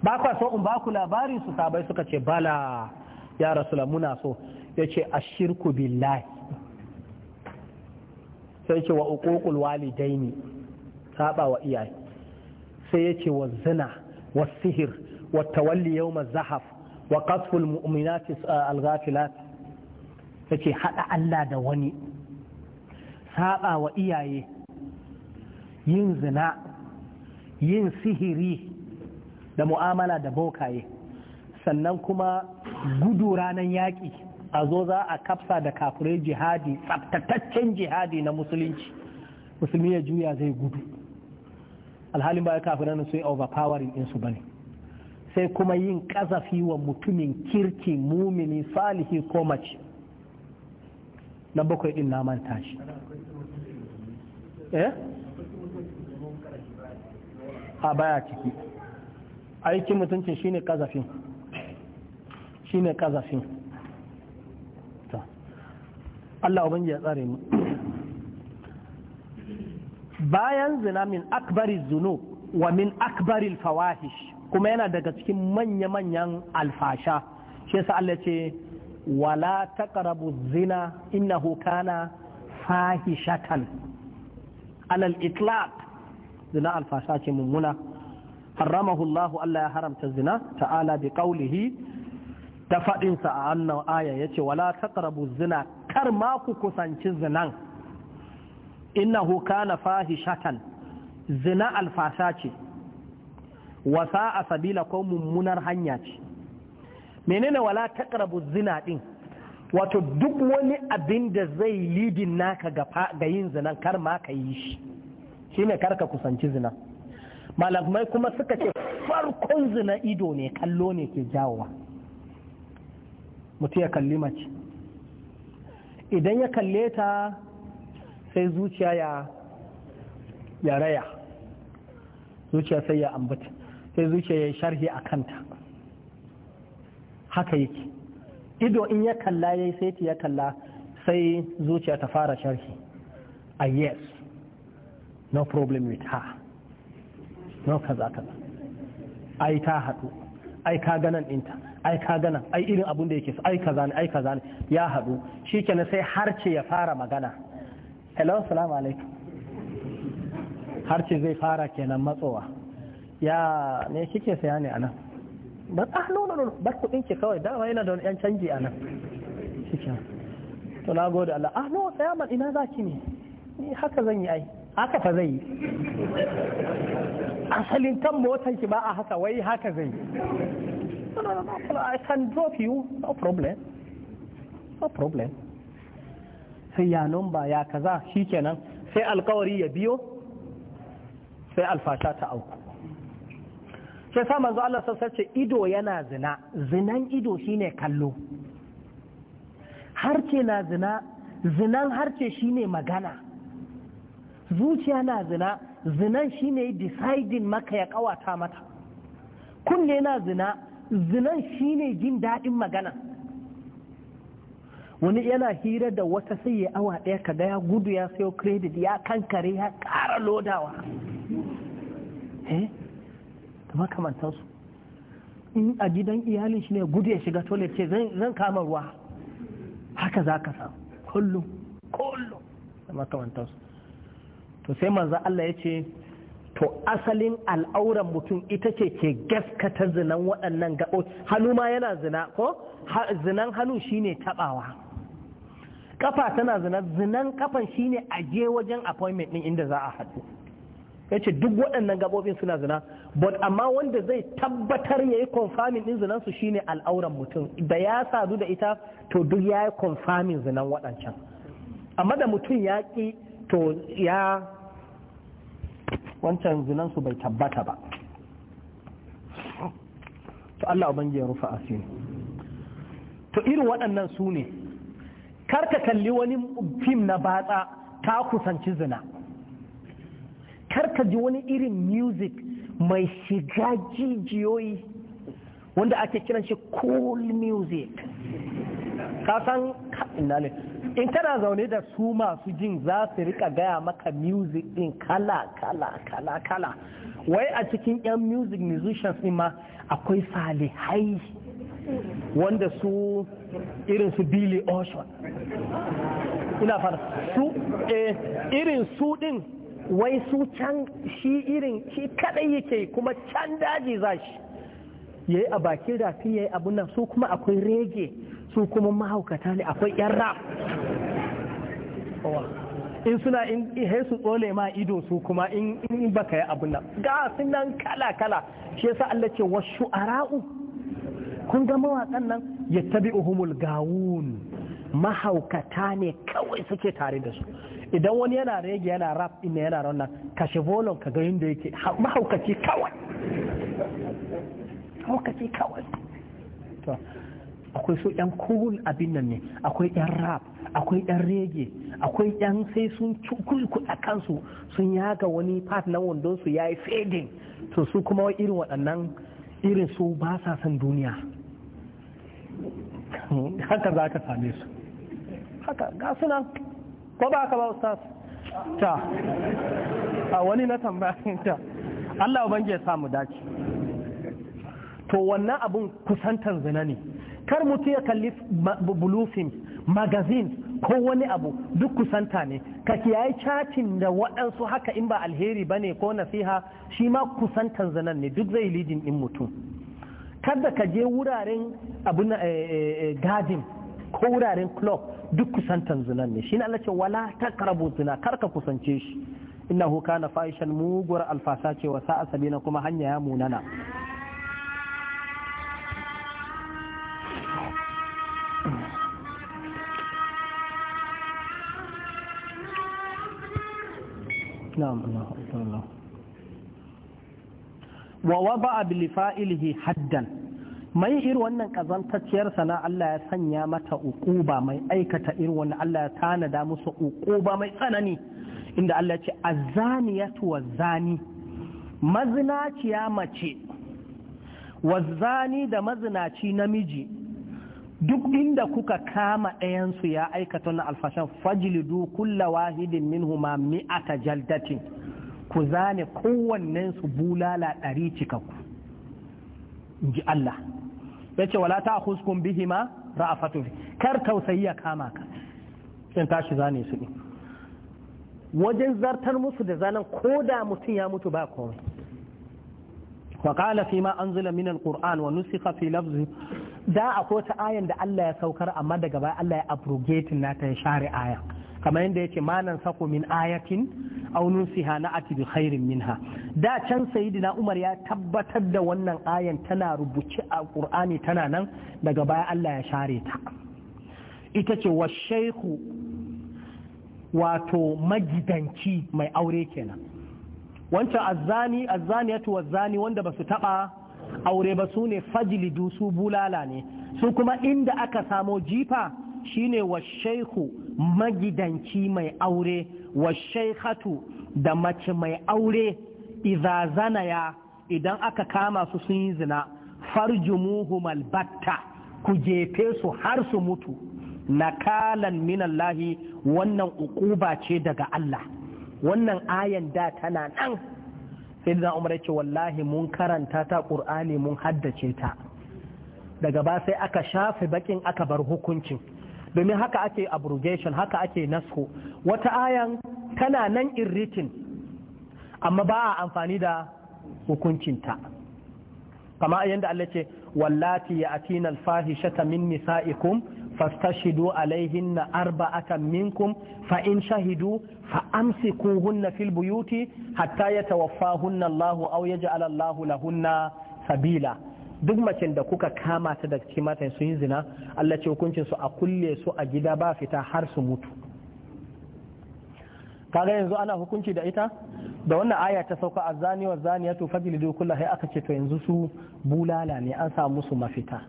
ba ku so in ba ku labarin su sabai suka ce bala ya rasulullah muna so yace ashirku billahi sai ce wa uququl walidaini saba wa iyaye sai ya ce wa zina wa sihir wa tawalli yau zahaf wa qasful mu'minat uh, al-ghafilat yace hada Allah da wani saba wa iyaye yin zina yin sihiri da mu'amala da bokaye sannan kuma gudu ranar yaƙi a zo za a kafsa da kafirai jihadi tsabtataccen jihadi na musulunci musulmi ya juya zai gudu alhalin ba kafiran su yi overpowering din su bane sai kuma yin kazafi wa mutumin kirki mumini salihi ko mace na bakwai din naman tashi. eh a baya ciki aikin mutuncin shine kazafin shine kazafin Allah ubangiji ya tsare mu bayan zina min akbari zunub wa min akbari fawahish kuma yana daga cikin manya-manyan alfasha shi yasa Allah ce wala taqrabu zina innahu kana fahishatan alal itlaq zina alfasha ce mummuna haramahu Allah Allah ya haramta zina ta'ala bi qawlihi ta fadinsa a annan aya yace wala taqrabu zina kar ma ku kusanci zinan innahu kana fahishatan zina alfasa ce wasa a sabila ko mummunar hanya ce menene wala taqrabu zina din wato duk wani abin da zai lidin naka ga yin zinan kar ma ka yi shi shine kar ka kusanci zina malamai kuma suka ce farkon zina ido ne kallo ne ke jawowa mutu ya kalli mace idan ya kalle ta sai zuciya ya ya raya zuciya sai ya ambata sai zuciya ya sharhi a kanta haka yake ido in ya kalla ya yi saiti ya kalla sai zuciya ta fara sharhi a yes no problem with her no kaza kaza ai ta haɗu ai ka ganan ɗinta ai ka ganan ai irin abin da yake ai kaza ne ai kaza ne ya haɗu shikenan sai harce ya fara magana hello salamu alaikum harce zai fara kenan matsowa ya ne kike saya ne anan ba ah no no no ba kudin ki kawai dama yana da yan canji anan cikin to na gode Allah ah no saya man ina zaki ne ni haka zan yi ai haka fa zai yi asalin kan motan ki ba a haka wai haka zai yi no no no I can drop you no problem no problem sai ya nomba ya kaza shikenan sai alkawari ya biyo sai alfasha ta auku sai sa manzo Allah sassace ido yana zina zinan ido shine kallo harce na zina zinan harce shine magana zuciya na zina zinan shine deciding maka ya kawata mata kunne na zina zinan shine jin daɗin magana wani yana hira da wata sai ya awa ɗaya ka ya gudu ya sayo credit ya kankare ya ƙara lodawa eh da makamantansu in a gidan iyalin shi ne gudu ya shiga toilet ce zan kama ruwa haka za ka samu kullum kullum da su to sai manzo Allah ya ce to asalin al'auran mutum ita ce ke gaskata zinan waɗannan gaɓo hannu ma yana zina ko zinan hannu shine taɓawa kafa tana zina zinan kafan shine a je wajen appointment din inda za a haɗu yace duk waɗannan gabobin suna zina but amma wanda zai tabbatar yayi confirming din zinan su shine al'auran mutum da ya sadu da ita to duk yayi confirming zinan waɗancan amma da mutum ya ki to ya wancan zinan su bai tabbata ba to Allah ubangiji ya rufa asiri to irin waɗannan su ne kar ka kalli wani fim na batsa ta kusanci zina kar ka ji wani irin music mai shiga jijiyoyi wanda ake kiran shi cool music ka san in kana zaune da su masu jin za su rika gaya maka music din kala kala kala kala wai a cikin yan music musicians din ma akwai salihai wanda su irin su billy ocean ina fara su eh irin su din wai su can shi irin shi kadai yake kuma can daji za shi ya yi a bakin rafi ya yi abun nan su kuma akwai rege su kuma mahaukata ne akwai yan rap in suna in he su tsole ma ido su kuma in baka yi abun nan ga sun nan kala kala shi yasa Allah ce wasu ara'u kun ga mawaƙan nan ya tabi uhumul gawun mahaukata ne kawai suke tare da su idan wani yana rege yana rap ina yana ranar kashe volon ka ga yadda yake mahaukaci kawai mahaukaci kawai to akwai su yan cool abin nan ne akwai yan rap akwai yan rege akwai yan sai sun a kansu sun yaga wani part na wandon su yayi fading to su kuma irin waɗannan irin su ba sa son duniya haka za ka same su haka ga suna ko ba ka ba ustaz ta a wani na tambayin ta Allah ubangi ya samu dace to wannan abun kusantan zina ne kar mutu ya kalli bulufin Magazin ko wani abu duk kusanta ne ka kiyaye chatin da waɗansu haka in ba alheri ba ne ko nasiha shi ma kusantan zanen ne duk zai lidin ɗin mutum kada ka je wuraren abu na eh, eh, eh, gadin ko wuraren club duk kusantan zanen ne shi ne Allah ce wala karabu zina kar ka kusance shi innahu kana fahishan muguwar alfasa ce wa sa'a sabina kuma hanya ya munana na'am Allah wa wada'a bi fa'ilihi haddan mai iri wannan kazantacciyar sana Allah ya sanya mata uquba mai aikata ir wannan Allah ya tanada musu uquba mai tsanani inda Allah ya ce azaniyatu wazani mazinaciya mace wazani da mazinaci namiji duk inda kuka kama ɗayansu ya aikata na alfashan fajlidu kulla wahidin minhuma mi'ata jaldatin ku zane kowannensu bulala ɗari cikakku in ji Allah ya ce wala ta huskun bihima ra'afatu kar tausayi ya kama ka in tashi zane su ne wajen zartar musu da zanen ko da mutum ya mutu ba komai wa qala fi ma anzila min alquran wa nusikha fi lafzi da akwai ta ayan da Allah ya saukar amma daga baya Allah ya abrogating nata ya share aya kamar yadda yake manan sako min ayatin aw nusiha na ati bi khairin minha da can sayyidina Umar ya tabbatar da wannan ayan tana rubuce a Qur'ani tana nan daga baya Allah ya share ta ita ce wa shaykhu wato magidanci mai aure kenan wancan azzani azzaniyatu wazzani wanda ba su taba aure ba su ne fajlidu su bulala ne su kuma inda aka samo jifa shine wa shaihu magidanci mai aure wa shaikhatu da mace mai aure idza ya idan aka kama su sun yi zina farjumuhum albatta ku jefe su har su mutu nakalan minallahi wannan ukuba ce daga Allah wannan ayan da tana nan sai da umar ce wallahi mun karanta ta ƙur'ani mun haddace ta daga ba sai aka shafe bakin aka bar hukuncin domin haka ake abrogation haka ake nasko wata ayan tana nan irritin amma ba a amfani da hukuncinta kama yadda Allah ce wallati ya atina alfahishata min nisa'ikum fastashidu alaihinna arba'atan minkum fa in shahidu fa amsikuhunna fil buyuti hatta yatawaffahunna Allahu aw yaj'al Allahu lahunna sabila duk macen da kuka kama ta da cikin matan sun yi zina Allah ce hukuncin su a kulle su a gida ba fita har su mutu kaga yanzu ana hukunci da ita da wannan aya ta sauka a zani wa zaniyatu fajlidu kullahi aka ce to yanzu su bulala ne an samu su mafita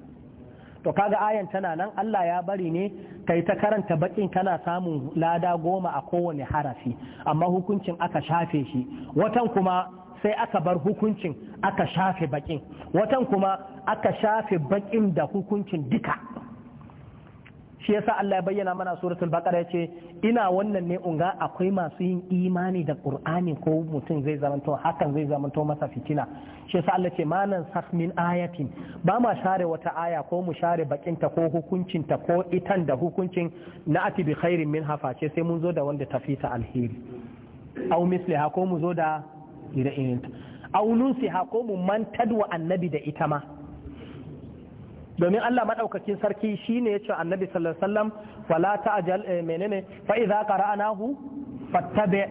to kaga ayan tana nan Allah ya bari ne kai ta karanta bakin kana samun lada goma a kowane harafi amma hukuncin aka shafe shi watan kuma sai aka bar hukuncin aka shafe bakin watan kuma aka shafe bakin da hukuncin duka shi yasa Allah ya bayyana mana suratul baqara ce ina wannan ne unga akwai masu yin imani da qur'ani ko mutum zai zamanto hakan zai zamanto masa fitina shi yasa Allah ce manan sakh min ayatin ba ma share wata aya ko mu share bakin ta ko hukuncin ta ko itan da hukuncin na ati bi khairin min ce sai mun zo da wanda tafita alheri aw misliha ko mu zo da ire-irenta aw ko mu mantar annabi da ita ma domin Allah madaukakin sarki shine ya ce annabi sallallahu alaihi wasallam wala ta'jal eh, menene fa idza qara'nahu fattabi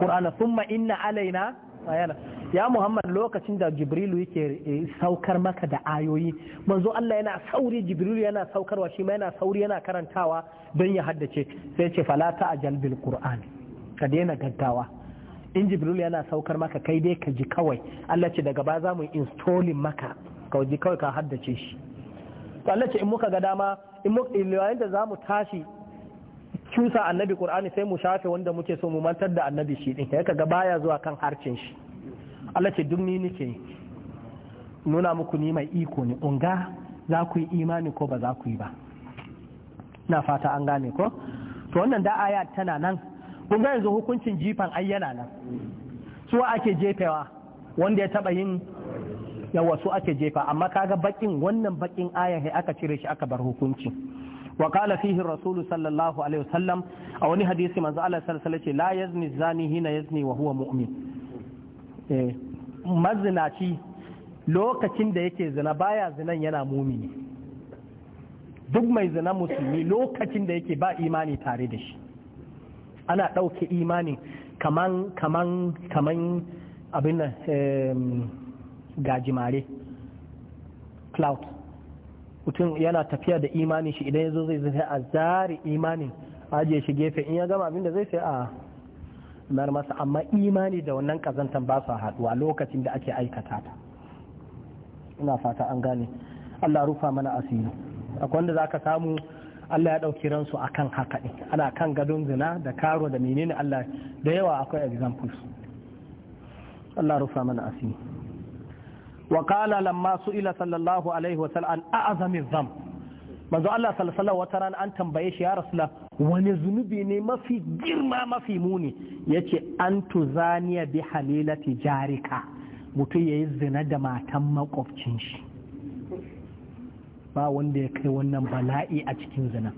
qur'ana thumma inna alaina bayana ya Muhammad lokacin da Jibrilu yake eh, saukar maka da ayoyi manzo Allah yana sauri Jibrilu yana saukarwa shi ma yana sauri yana karantawa don ya haddace sai ce fala ta'jal bil qur'an ka daina gaggawa in Jibrilu yana saukar maka kai dai ka ji kawai Allah ce daga ba za mu installing maka ka ji kawai ka haddace shi to Allah ce in muka ga dama in muka yayin za mu tashi cusa annabi qur'ani sai mu shafe wanda muke so mu mantar da annabi shi din kaga ga baya zuwa kan harcin shi Allah ce duk ni nake nuna muku ni mai iko ne unga za ku yi imani ko ba za ku yi ba na fata an gane ko to wannan da aya tana nan kun yanzu hukuncin jifan ayyana nan su ake jefewa wanda ya taba yin yawa wasu ake jefa amma kaga bakin wannan bakin ayan sai aka cire shi aka bar hukunci wa qala fihi rasulu sallallahu alaihi wasallam a wani hadisi manzo Allah sallallahu alaihi wasallam la yazni zani hina yazni wa huwa mu'min eh, mazinaci lokacin da yake zina baya zinan yana mumini duk mai zina musulmi lokacin da yake ba imani tare da shi ana ɗauke imani kaman kaman kaman abin nan gajimare cloud mutum yana tafiya da imanin shi idan ya zai zai a zari imanin ajiye shi gefe in ya gama abinda zai sai a nar masa amma imani da wannan kazantan ba su haduwa lokacin da ake aikata ta ina fata an gane Allah rufa mana asiri akwai wanda ka samu Allah ya ɗauki ransu akan kan haka ana kan gadon zina da karo da menene Allah da yawa akwai examples Allah rufa mana asiri وقال لما سئل صلى الله عليه وسلم عن azamin الذنب manzo Allah sallallahu wata rana an tambaye shi ya rasula wani zunubi ne mafi girma mafi muni yace an tuzaniya bi halilati jarika mutum yayi zina da matan makwabcin shi ba wanda ya kai wannan bala'i a cikin zina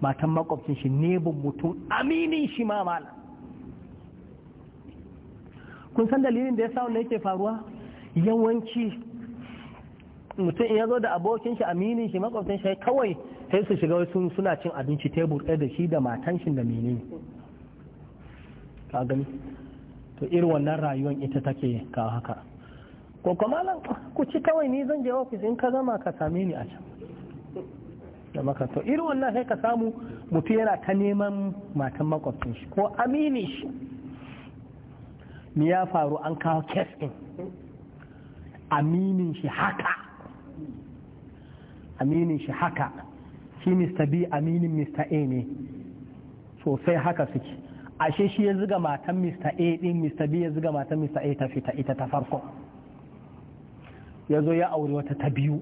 matan makwabcin shi bu mutum aminin shi ma mala kun san dalilin da ya wannan yake faruwa yawanci mutum ya zo da abokin shi aminin shi makwabtan shi kawai sai su shiga wasu suna cin abinci tebur ɗaya da shi da matan shi da mene ka gani to irin wannan rayuwar ita take ka haka ko kuma ku ci kawai ni zan je ofis in ka zama ka same ni a can da maka to irin wannan sai ka samu mutum yana ta neman matan makwabtan shi ko amini shi ni ya faru an kawo kes din aminin shi haka aminin shi haka shi mr b aminin mr a ne sosai haka suke ashe shi ya ziga matan mr a din mr b ya ziga matan mr a ta fita ita ta farko ya zo ya aure wata ta biyu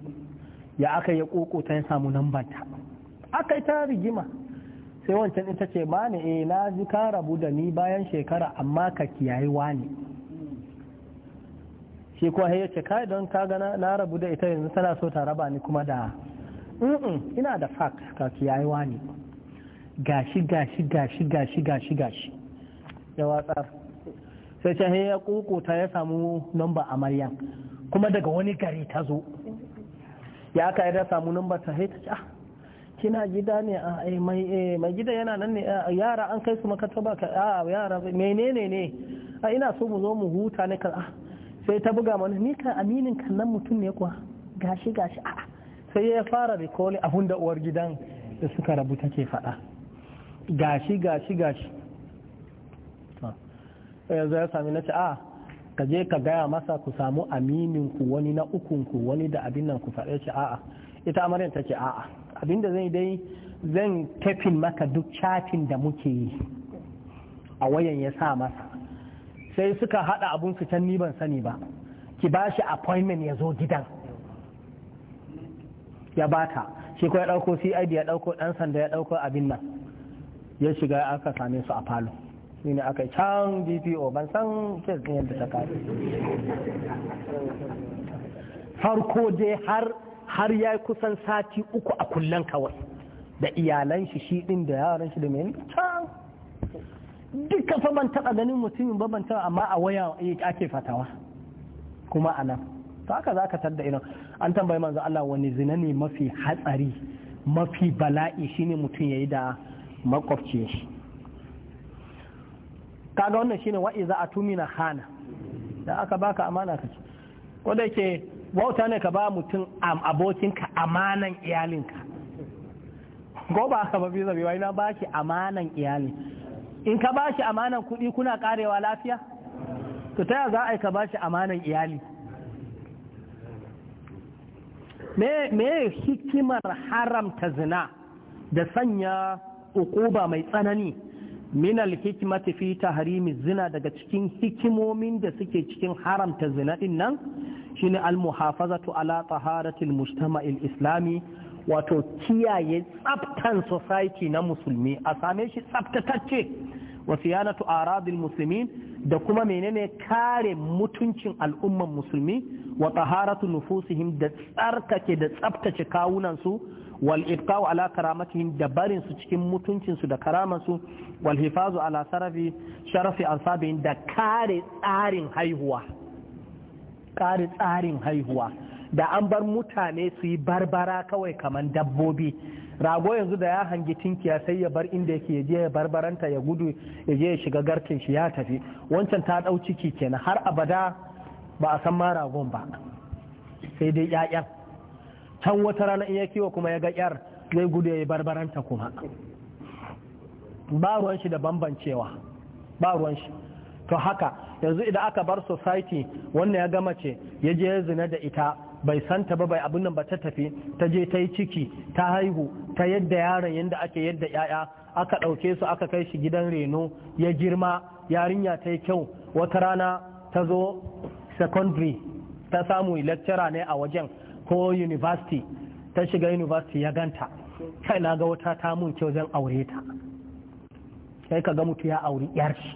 ya aka ya kokota ya samu lambanta aka yi ta rigima sai wancan ita ce ma ne eh, na ji ka rabu da ni bayan shekara amma ka kiyaye wani ne shi kuwa ya ce kai don ka gana na rabu da ita yanzu tana so ta raba ni kuma da ina da fak ka kiyaye wani gashi gashi gashi gashi gashi gashi ya watsar sai ce ya ta ya samu namba amaryan kuma daga wani gari ta zo ya aka ya samu namba ta ta ce ah, kina gida ne a ah, eh, eh, mai gida yana nan ne ah, yara an kai su makata ba ka yara menene ne a ina so mu zo mu huta ne ka ah sai ta buga mana ni kan aminin kan nan mutum ne kuwa gashi gashi a'a sai ya fara recall abun da uwar gidan da suka rabu take faɗa gashi gashi gashi sai yanzu ya sami na ce a ka je ka gaya masa ku samu aminin ku wani na ukun wani da abin nan ku faɗe ce a'a ita amaryan ta ce a'a abin da zai dai zan kafin maka duk chatin da muke yi a wayan ya sa masa sai suka haɗa abun su can ni ban sani ba ki ba shi appointment ya zo gidan ya bata shi ko ya ɗauko cid ya ɗauko ɗan sanda ya ɗauko abin nan ya shiga aka same su a falo shi ne aka can dpo ban san ke yadda ta kare farko dai har har ya kusan sati uku a kullan kawai da iyalan shi shi ɗin da yaran shi da mai can duka fa ban taɓa ganin mutumin ba ban taɓa amma a waya ake fatawa kuma a nan to haka za ka tadda irin an tambayi manzo Allah wani zina ne mafi hatsari mafi bala'i shine mutum yayi da makwabci shi kaga wannan shine wa iza atumina hana da aka baka amana kace ko da yake wauta ne ka ba mutum abokinka amanan iyalinka ko ba ka ba bi zabi wai na baki amanan iyali in ka ba shi amanan kuɗi kuna ƙarewa lafiya to ta za a yi ka ba shi amanan iyali me hikimar haramta zina da sanya ukuba mai tsanani minal hikimati fi harimi zina daga cikin hikimomin da suke cikin haramta zina din nan shine al-muhafazatu ala taharatil mujtama'il islami wato kiyaye tsaftan society na musulmi a same shi tsaftatacce wa siyanatu aradil muslimin da kuma menene kare mutuncin al'umman musulmi wa taharatu nufusihim da tsarkake da tsaftace kawunansu wal ibqa'u ala karamatihim da barin su cikin mutuncin su da karamansu wal hifazu ala sarafi sharafi ansabin da kare tsarin haihuwa kare tsarin haihuwa da an bar mutane su yi barbara kawai kamar dabbobi rago yanzu da ya hangi tinkiya sai ya bar inda yake je ya barbaranta ya gudu ya je ya shiga garkin shi ya tafi wancan ta dau ciki kenan har abada ba a san ma ragon ba sai dai ƴaƴan can wata rana in ya kiwo kuma ya ga 'yar, zai gudu ya yi barbaranta kuma ba ruwan shi da bambancewa ba ruwan shi to haka yanzu idan aka bar society wannan ya gama ce ya je zina da ita bai santa ba bai abin nan ba ta tafi ta je ta yi ciki ta haihu ta yadda yaron yadda ake yadda yaya aka ɗauke su aka kai shi gidan reno ya girma yarinya ta yi kyau wata rana ta zo secondary ta samu lecturer ne a wajen ko university ta shiga university ya ganta kai na ga wata ta mun kyau zan aure ta sai ka ga mutu ya auri yar shi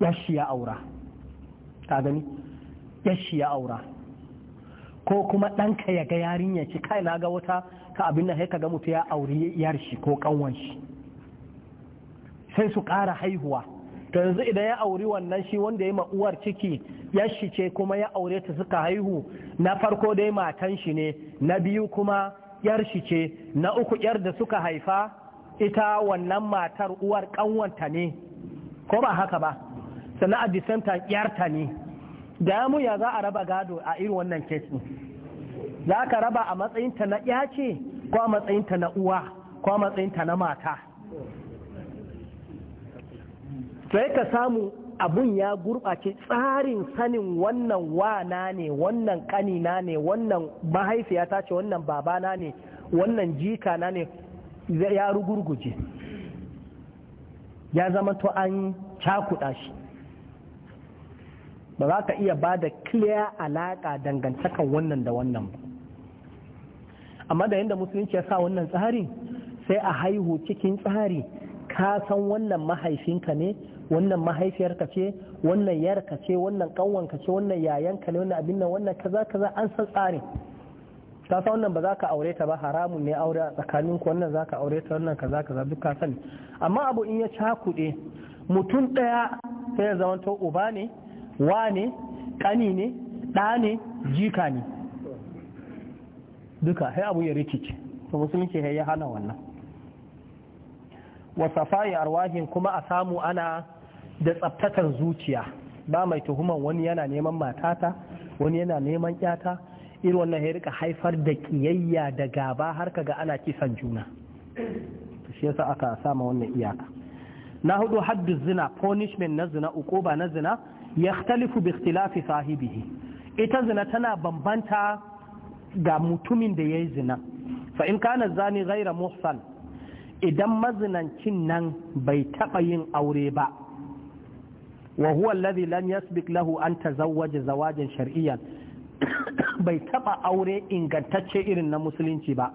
yar shi ya aura ta gani yashi ya aura ko kuma ɗanka ya ga yarinya ci kai na ga wata ka abin nan haika ga mutu ya auri yar shi ko kanwan shi sai su ƙara haihuwa to yanzu idan ya auri wannan shi wanda ya uwar ciki yashi ce kuma ya aure ta suka haihu na farko dai matan shi ne na biyu kuma yar shi ce na uku yar da suka haifa ita wannan matar uwar kanwanta ne ko ba haka ba sannan a disanta yarta ne damu ya za a raba gado a irin wannan kesi? za ka raba a matsayinta na yace ko a matsayinta na uwa ko a matsayinta na mata sai ka samu abun ya gurɓace tsarin sanin wannan wana ne wannan kanina ne wannan mahaifiyata ce wannan babana ne wannan jika na ne ya rugurguje ya zama to an cakuɗa shi ba za ka iya ba da clear alaƙa dangantakan wannan da wannan ba amma da yadda musulunci ya sa wannan tsari sai a haihu cikin tsari ka san wannan mahaifinka ne wannan mahaifiyarka ce wannan yarka ce wannan ƙanwanka ce wannan yayanka ne wannan abin nan wannan kaza kaza an san tsarin ka san wannan ba za ka aure ta ba haramun ne aure a tsakanin ku wannan za ka aure ta wannan kaza kaza duk ka sani amma abu in ya cakuɗe mutum ɗaya sai ya zama to uba ne wa ne ƙani ne ɗa ne jika ne duka sai abu ya rikice to musulunci ya hana wannan wasafa a arwahin kuma a samu ana da tsabtatar zuciya ba mai tuhuman wani yana neman matata wani yana neman kyata irin wannan ya rika haifar da ƙiyayya da gaba har ga ana kisan juna shi yasa aka sama wannan iyaka na hudu haddu zina punishment na zina uku ba na zina yakhtalifu bi ikhtilafi sahibihi ita zina tana bambanta ga mutumin da yayi zina fa in kana zani ghaira muhsan idan mazinancin nan bai taba yin aure ba wa huwa alladhi lam yasbik lahu an tazawwaja zawajan shar'iyyan <coughs> bai taba aure ingantacce irin na musulunci ba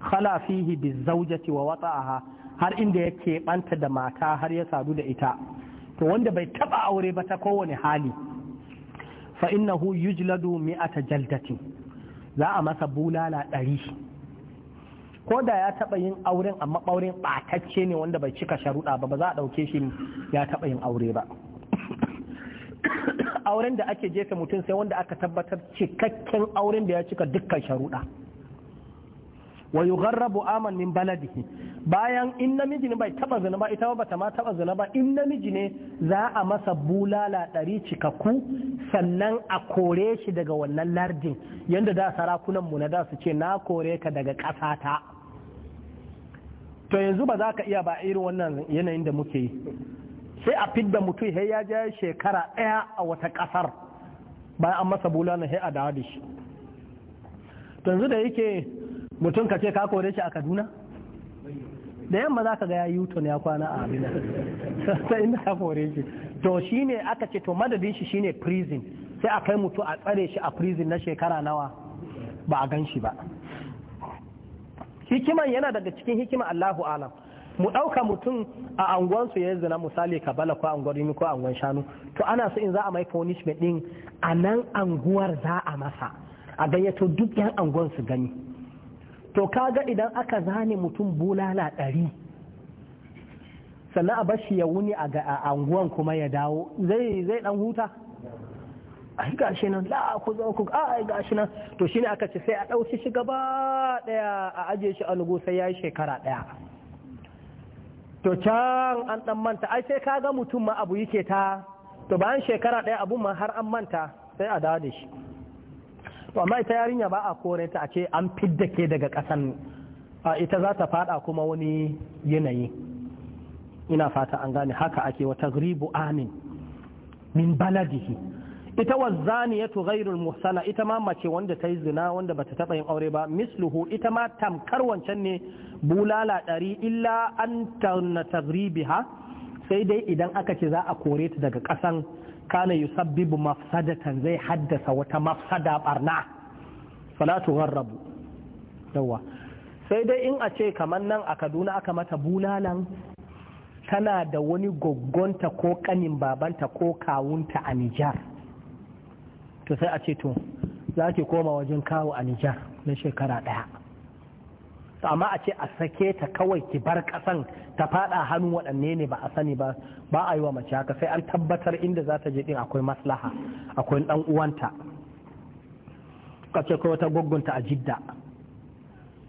khala fihi bi zawjati wa wata'aha har inda yake banta da mata har ya sadu da ita to wanda bai taba aure ba ta kowane hali fa innahu yujladu mi'ata jaldati za a masa bulala ɗari ko da ya taba yin auren amma auren ɓatacce ne wanda bai cika sharuɗa ba ba za a ɗauke shi ya taba yin aure ba <coughs> auren da ake jefa mutum sai wanda aka tabbatar cikakken auren da ya cika dukkan sharuɗa wa yugharrabu aman min baladihi bayan in namiji ne bai taba zina ba ita ba ta ma taba zina ba in namiji ne za a masa bulala ɗari cikakku sannan a kore shi daga wannan lardin yanda da sarakunan mu na da su ce na kore ka daga ƙasata to yanzu ba za ka iya ba irin wannan yanayin da muke yi sai a fidda mutum sai ya je shekara ɗaya a wata kasar bayan an masa bulala sai a dawo da shi yanzu da yake mutum ka ce ka kore shi a kaduna da yamma za ka ga ya yi yuton ya kwana a abina ta <laughs> inda ka kore shi to shine aka ce to madadin shi shine prison sai a kai mutu a tsare shi a prison na shekara nawa ba a gan shi ba hikiman yana daga cikin hikima Allahu alam mu ɗauka mutum a anguwansu ya zina misali kabala ko anguwar rimi ko anguwan shanu to ana so in za a mai punishment din a nan anguwar za a masa a gayyato duk yan unguwar su gani to kaga idan aka zane mutum bulala ɗari sannan a bashi ya wuni a anguwan kuma ya dawo zai ɗan huta ai gashi nan la ku zo ku ai gashi nan to shine aka ce sai a ɗauki shi gaba ɗaya a ajiye shi a lugu sai ya yi shekara ɗaya to can an ɗan manta ai sai kaga mutum ma abu yake ta to bayan shekara ɗaya abun ma har an manta sai a dawo da shi to amma ita yarinya ba a kore ta a ce an fidda ke daga ƙasan ita za ta fada kuma wani yanayi ina fata an gane haka ake wa tagribu amin min baladihi ita wa zaniyatu ghairul muhsana ita ma mace wanda ta yi zina wanda ba ta taba yin aure ba misluhu ita ma tamkar wancan ne bulala ɗari illa an tagribiha sai dai idan aka ce za a kore ta daga kasan. kana bibu mafsadatan zai haddasa wata mafsada barna salatu gharrabu yawa sai dai in a ce kamar nan a kaduna aka mata bulalan tana da wani goggonta ko kanin babanta ko kawunta a nijar to sai a ce to za ki koma wajen kawo a nijar na shekara ɗaya to amma a ce a sake ta kawai ki bar kasan ta fada hannu waɗanne ne ba a sani ba ba a yi wa mace haka sai an tabbatar inda za ta je din akwai maslaha akwai dan uwanta ka ce kawai ta gwaggwanta a jidda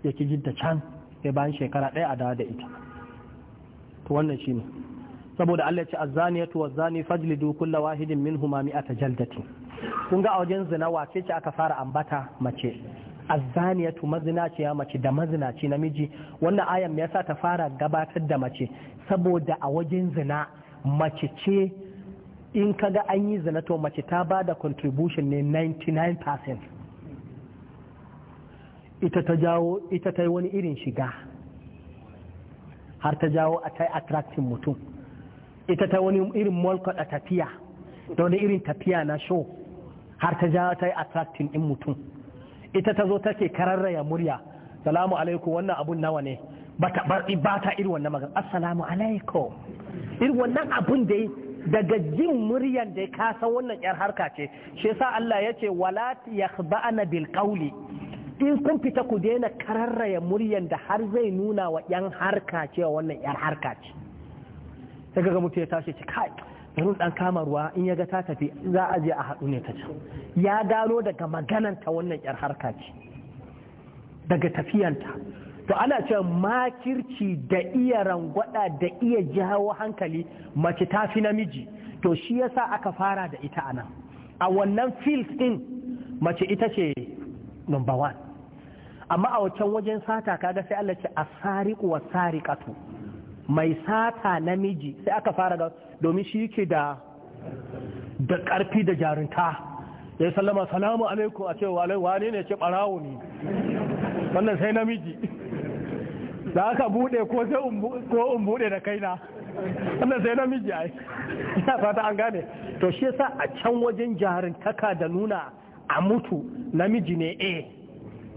ya ki jidda can sai bayan shekara ɗaya a dawo da ita to wannan shine saboda Allah ya ce azzaniyatu wazzani fajlidu kulla wahidin minhuma mi'ata jaldatin kun ga a wajen zina wace ce aka fara ambata mace azzaniyatu mazinaciya mace da mazinaci namiji wannan ayan me yasa ta fara gabatar da mace saboda a wajen zina mace ce in kaga an yi zina to mace ta ba da contribution ne 99% ita ta jawo ita ta yi wani irin shiga har ta jawo a ta yi attracting mutum ita ta wani irin molkot a tafiya da wani irin tafiya na show har ta jawo ta yi attracting din mutum ita ta zo take kararraya murya salamu alaikum wannan abun nawa ne ba ta irin wannan magana assalamu alaikum irin wannan abun da daga jin muryan da ka san wannan yar harka ce shi yasa Allah yace wala yakhba'ana bil qawli in kun fita ku daina kararraya muryan da har zai nuna wa yan harka cewa wannan yar harka ce sai ga mutu ya tashi ci kai bari dan kama ruwa in ya ga ta tafi za a je a haɗu ne ta can ya gano daga maganan ta wannan yar harka ce daga tafiyanta to ana cewa makirci da iya rangwada da iya jawo hankali mace ta fi namiji to shi yasa aka fara da ita anan a wannan field din mace ita ce number one amma a wancan wajen sata kaga sai Allah ce asariqu wasariqatu mai sata namiji sai aka fara ga domin shi yake da da ƙarfi da jarinta ya yi sallama salamu alaikum a cewa wane ne ce ɓarawo ne wannan sai namiji da aka buɗe ko sai in buɗe da kaina wannan sai namiji ai ina fata an gane to shi yasa a can wajen jarintaka da nuna a mutu namiji ne eh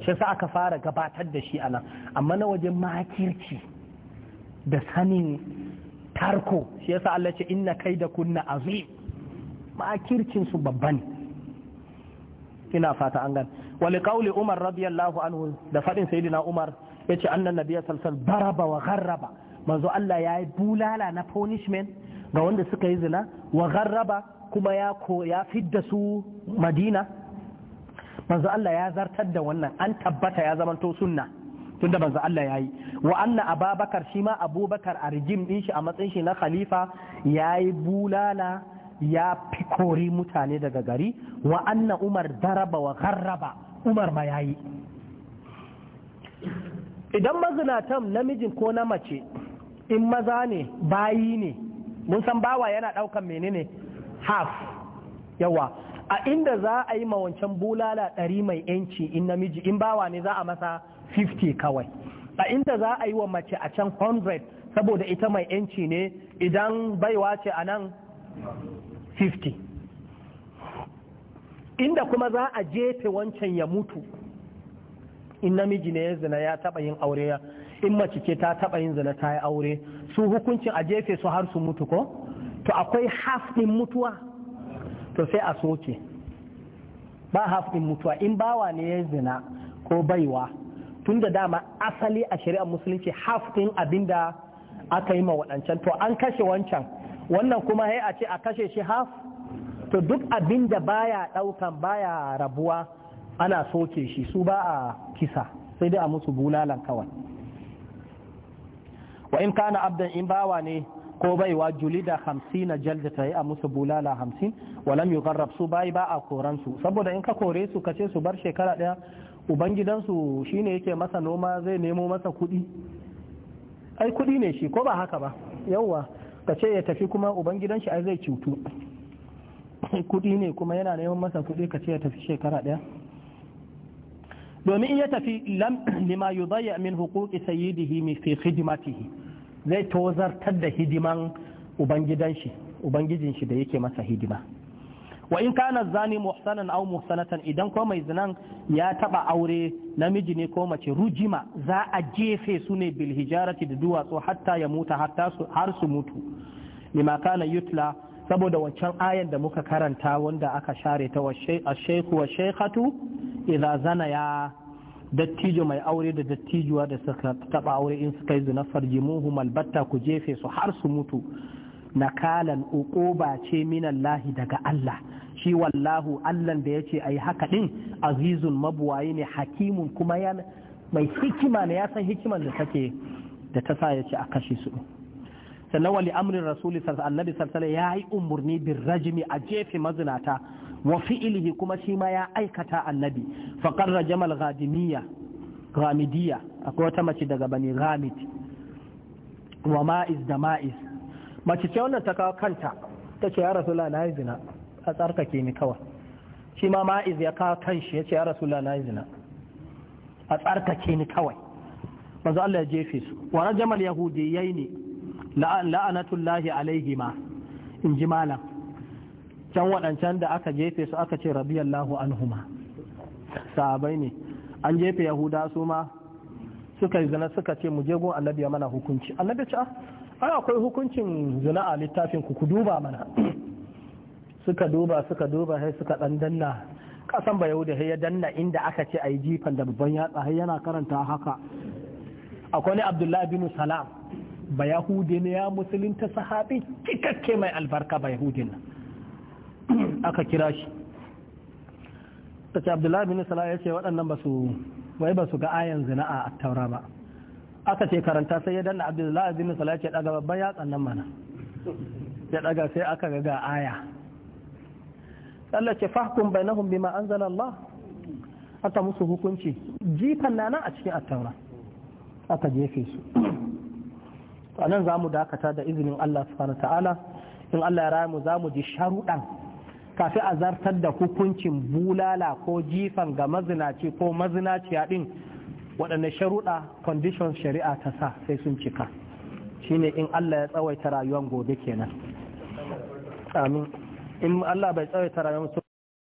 shi yasa aka fara gabatar da shi anan amma na wajen makirci da sanin tarko shi yasa Allah ce inna kai da kunna azim makircin su babban ina fata an gan wali kauli umar radiyallahu anhu da fadin sayyidina umar yace annan nabiyya sallallahu baraba wa gharraba manzo Allah ya yi bulala na punishment ga wanda suka yi zina wa gharraba kuma ya ko ya fidda su madina manzo Allah ya zartar da wannan an tabbata ya zamanto sunna tunda manzo Allah yayi wa anna ababakar shi ma abubakar a rijim din shi a matsayin shi na khalifa yayi bulala ya fikori mutane daga gari wa anna umar daraba wa gharraba umar ma yayi idan mazinatan namijin ko na mace in maza ne bayi ne mun san bawa yana daukan menene half yawa a inda za a yi ma wancan bulala ɗari mai yanci in namiji in bawa ne za a masa 50 kawai a inda za a yi wa mace a can 100 saboda ita mai yanci ne idan baiwa ce a nan 50 inda kuma za a jefe wancan ya mutu in namiji ne ya zina ya taɓa yin aure ya in mace ce ta taɓa yin zina ta yi aure su hukuncin a jefe su har su mutu ko to akwai half din mutuwa to sai a soke ba half din mutuwa in bawa ne ya zina ko baiwa tun da dama asali a shari'ar musulunci haftin abin da aka yi ma waɗancan to an kashe wancan wannan kuma hai a ce a kashe shi haf to duk abin da baya ɗaukan baya rabuwa ana soke shi su ba a kisa sai dai a musu bulalan kawai wa in kana abdan in bawa ne ko baiwa da hamsin na jalda ta yi a musu bulala hamsin walam yi garrab su bayi ba a koransu saboda in ka kore su ka ce su bar shekara ɗaya ubangidansu shi ne yake masa noma zai nemo masa kuɗi ai kuɗi ne shi ko ba haka ba yauwa ka ce ya tafi kuma ubangidan shi ai zai cutu <laughs> kuɗi ne kuma yana neman masa kuɗi ka ce ya tafi shekara ɗaya domin in ya tafi <clears throat> lima yudayya min huquqi sayyidihi fi hidimatihi zai tozartar da hidiman ubangidan shi da yake masa hidima wa in kana zani muhsanan aw muhsanatan idan ko mai zinan ya taba aure namiji ne ko mace rujima za a jefe su ne bil hijarati da duwatsu hatta ya muta hatta su har su mutu lima kana yutla saboda wancan ayan da muka karanta wanda aka share ta wa shaykhu wa shaykhatu idza zanaya dattijo mai aure da dattijuwa da suka taba aure in suka yi zina farjimuhum albatta ku jefe su har su mutu nakalan uquba ce minallahi daga Allah shi wallahu Allah da yace ai haka din Azizu, mabuwaye ne hakimun kuma ya mai hikima ne ya san hikiman da take da ta sa yace a kashe su sannan wali amrin rasuli alaihi sallallahu ya yi umurni bin rajmi a jefe mazinata wa fi'ilihi kuma shi ma ya aikata annabi faqar rajamal ghadimiyya ghamidiyya akwai wata mace daga bani ghamid wa ma'iz da ma'iz mace ce wannan ta kawo kanta ta ce ya rasu na yi zina a tsarkake ni kawai shi ma ma'iz ya kawo kanshi ya ce ya rasu na yi zina a tsarkake ni kawai manzo Allah ya jefe su wa rajamal yi ne la'anatullahi alaihi ma in ji malam can waɗancan da aka jefe su aka ce rabiyallahu anhuma sahabai ne an jefe yahuda su ma suka yi zina suka ce mu je gun annabi ya mana hukunci annabi ce ah, akwai hukuncin zina a littafin ku ku duba mana suka duba suka duba sai suka dan danna kasan ba yau da ya danna inda aka ce ai jifan da babban yatsa har yana karanta haka akwai ne abdullahi bin salam ba yahudi ne ya musulunta sahabi cikakke mai albarka ba yahudi ne aka kira shi ta ce abdullahi bin salam ya ce waɗannan ba su wai ba su ga ayan zina a taura ba aka ce karanta sai ya danna abdullahi bin salah ya daga babban yatsan nan mana ya daga sai aka ga ga aya Allah ce fahkum bainahum bima anzala Allah aka musu hukunci jifan nan a cikin attaura aka jefe su a nan za dakata da izinin Allah subhanahu ta'ala in Allah ya raya mu za mu ji sharuɗan kafi a zartar da hukuncin bulala ko jifan ga mazinaci ko mazinaciya din waɗanne sharuɗa conditions shari'a ta sa sai sun cika shine in Allah ya tsawaita rayuwan gobe kenan amin in Allah bai tsawaita rayuwan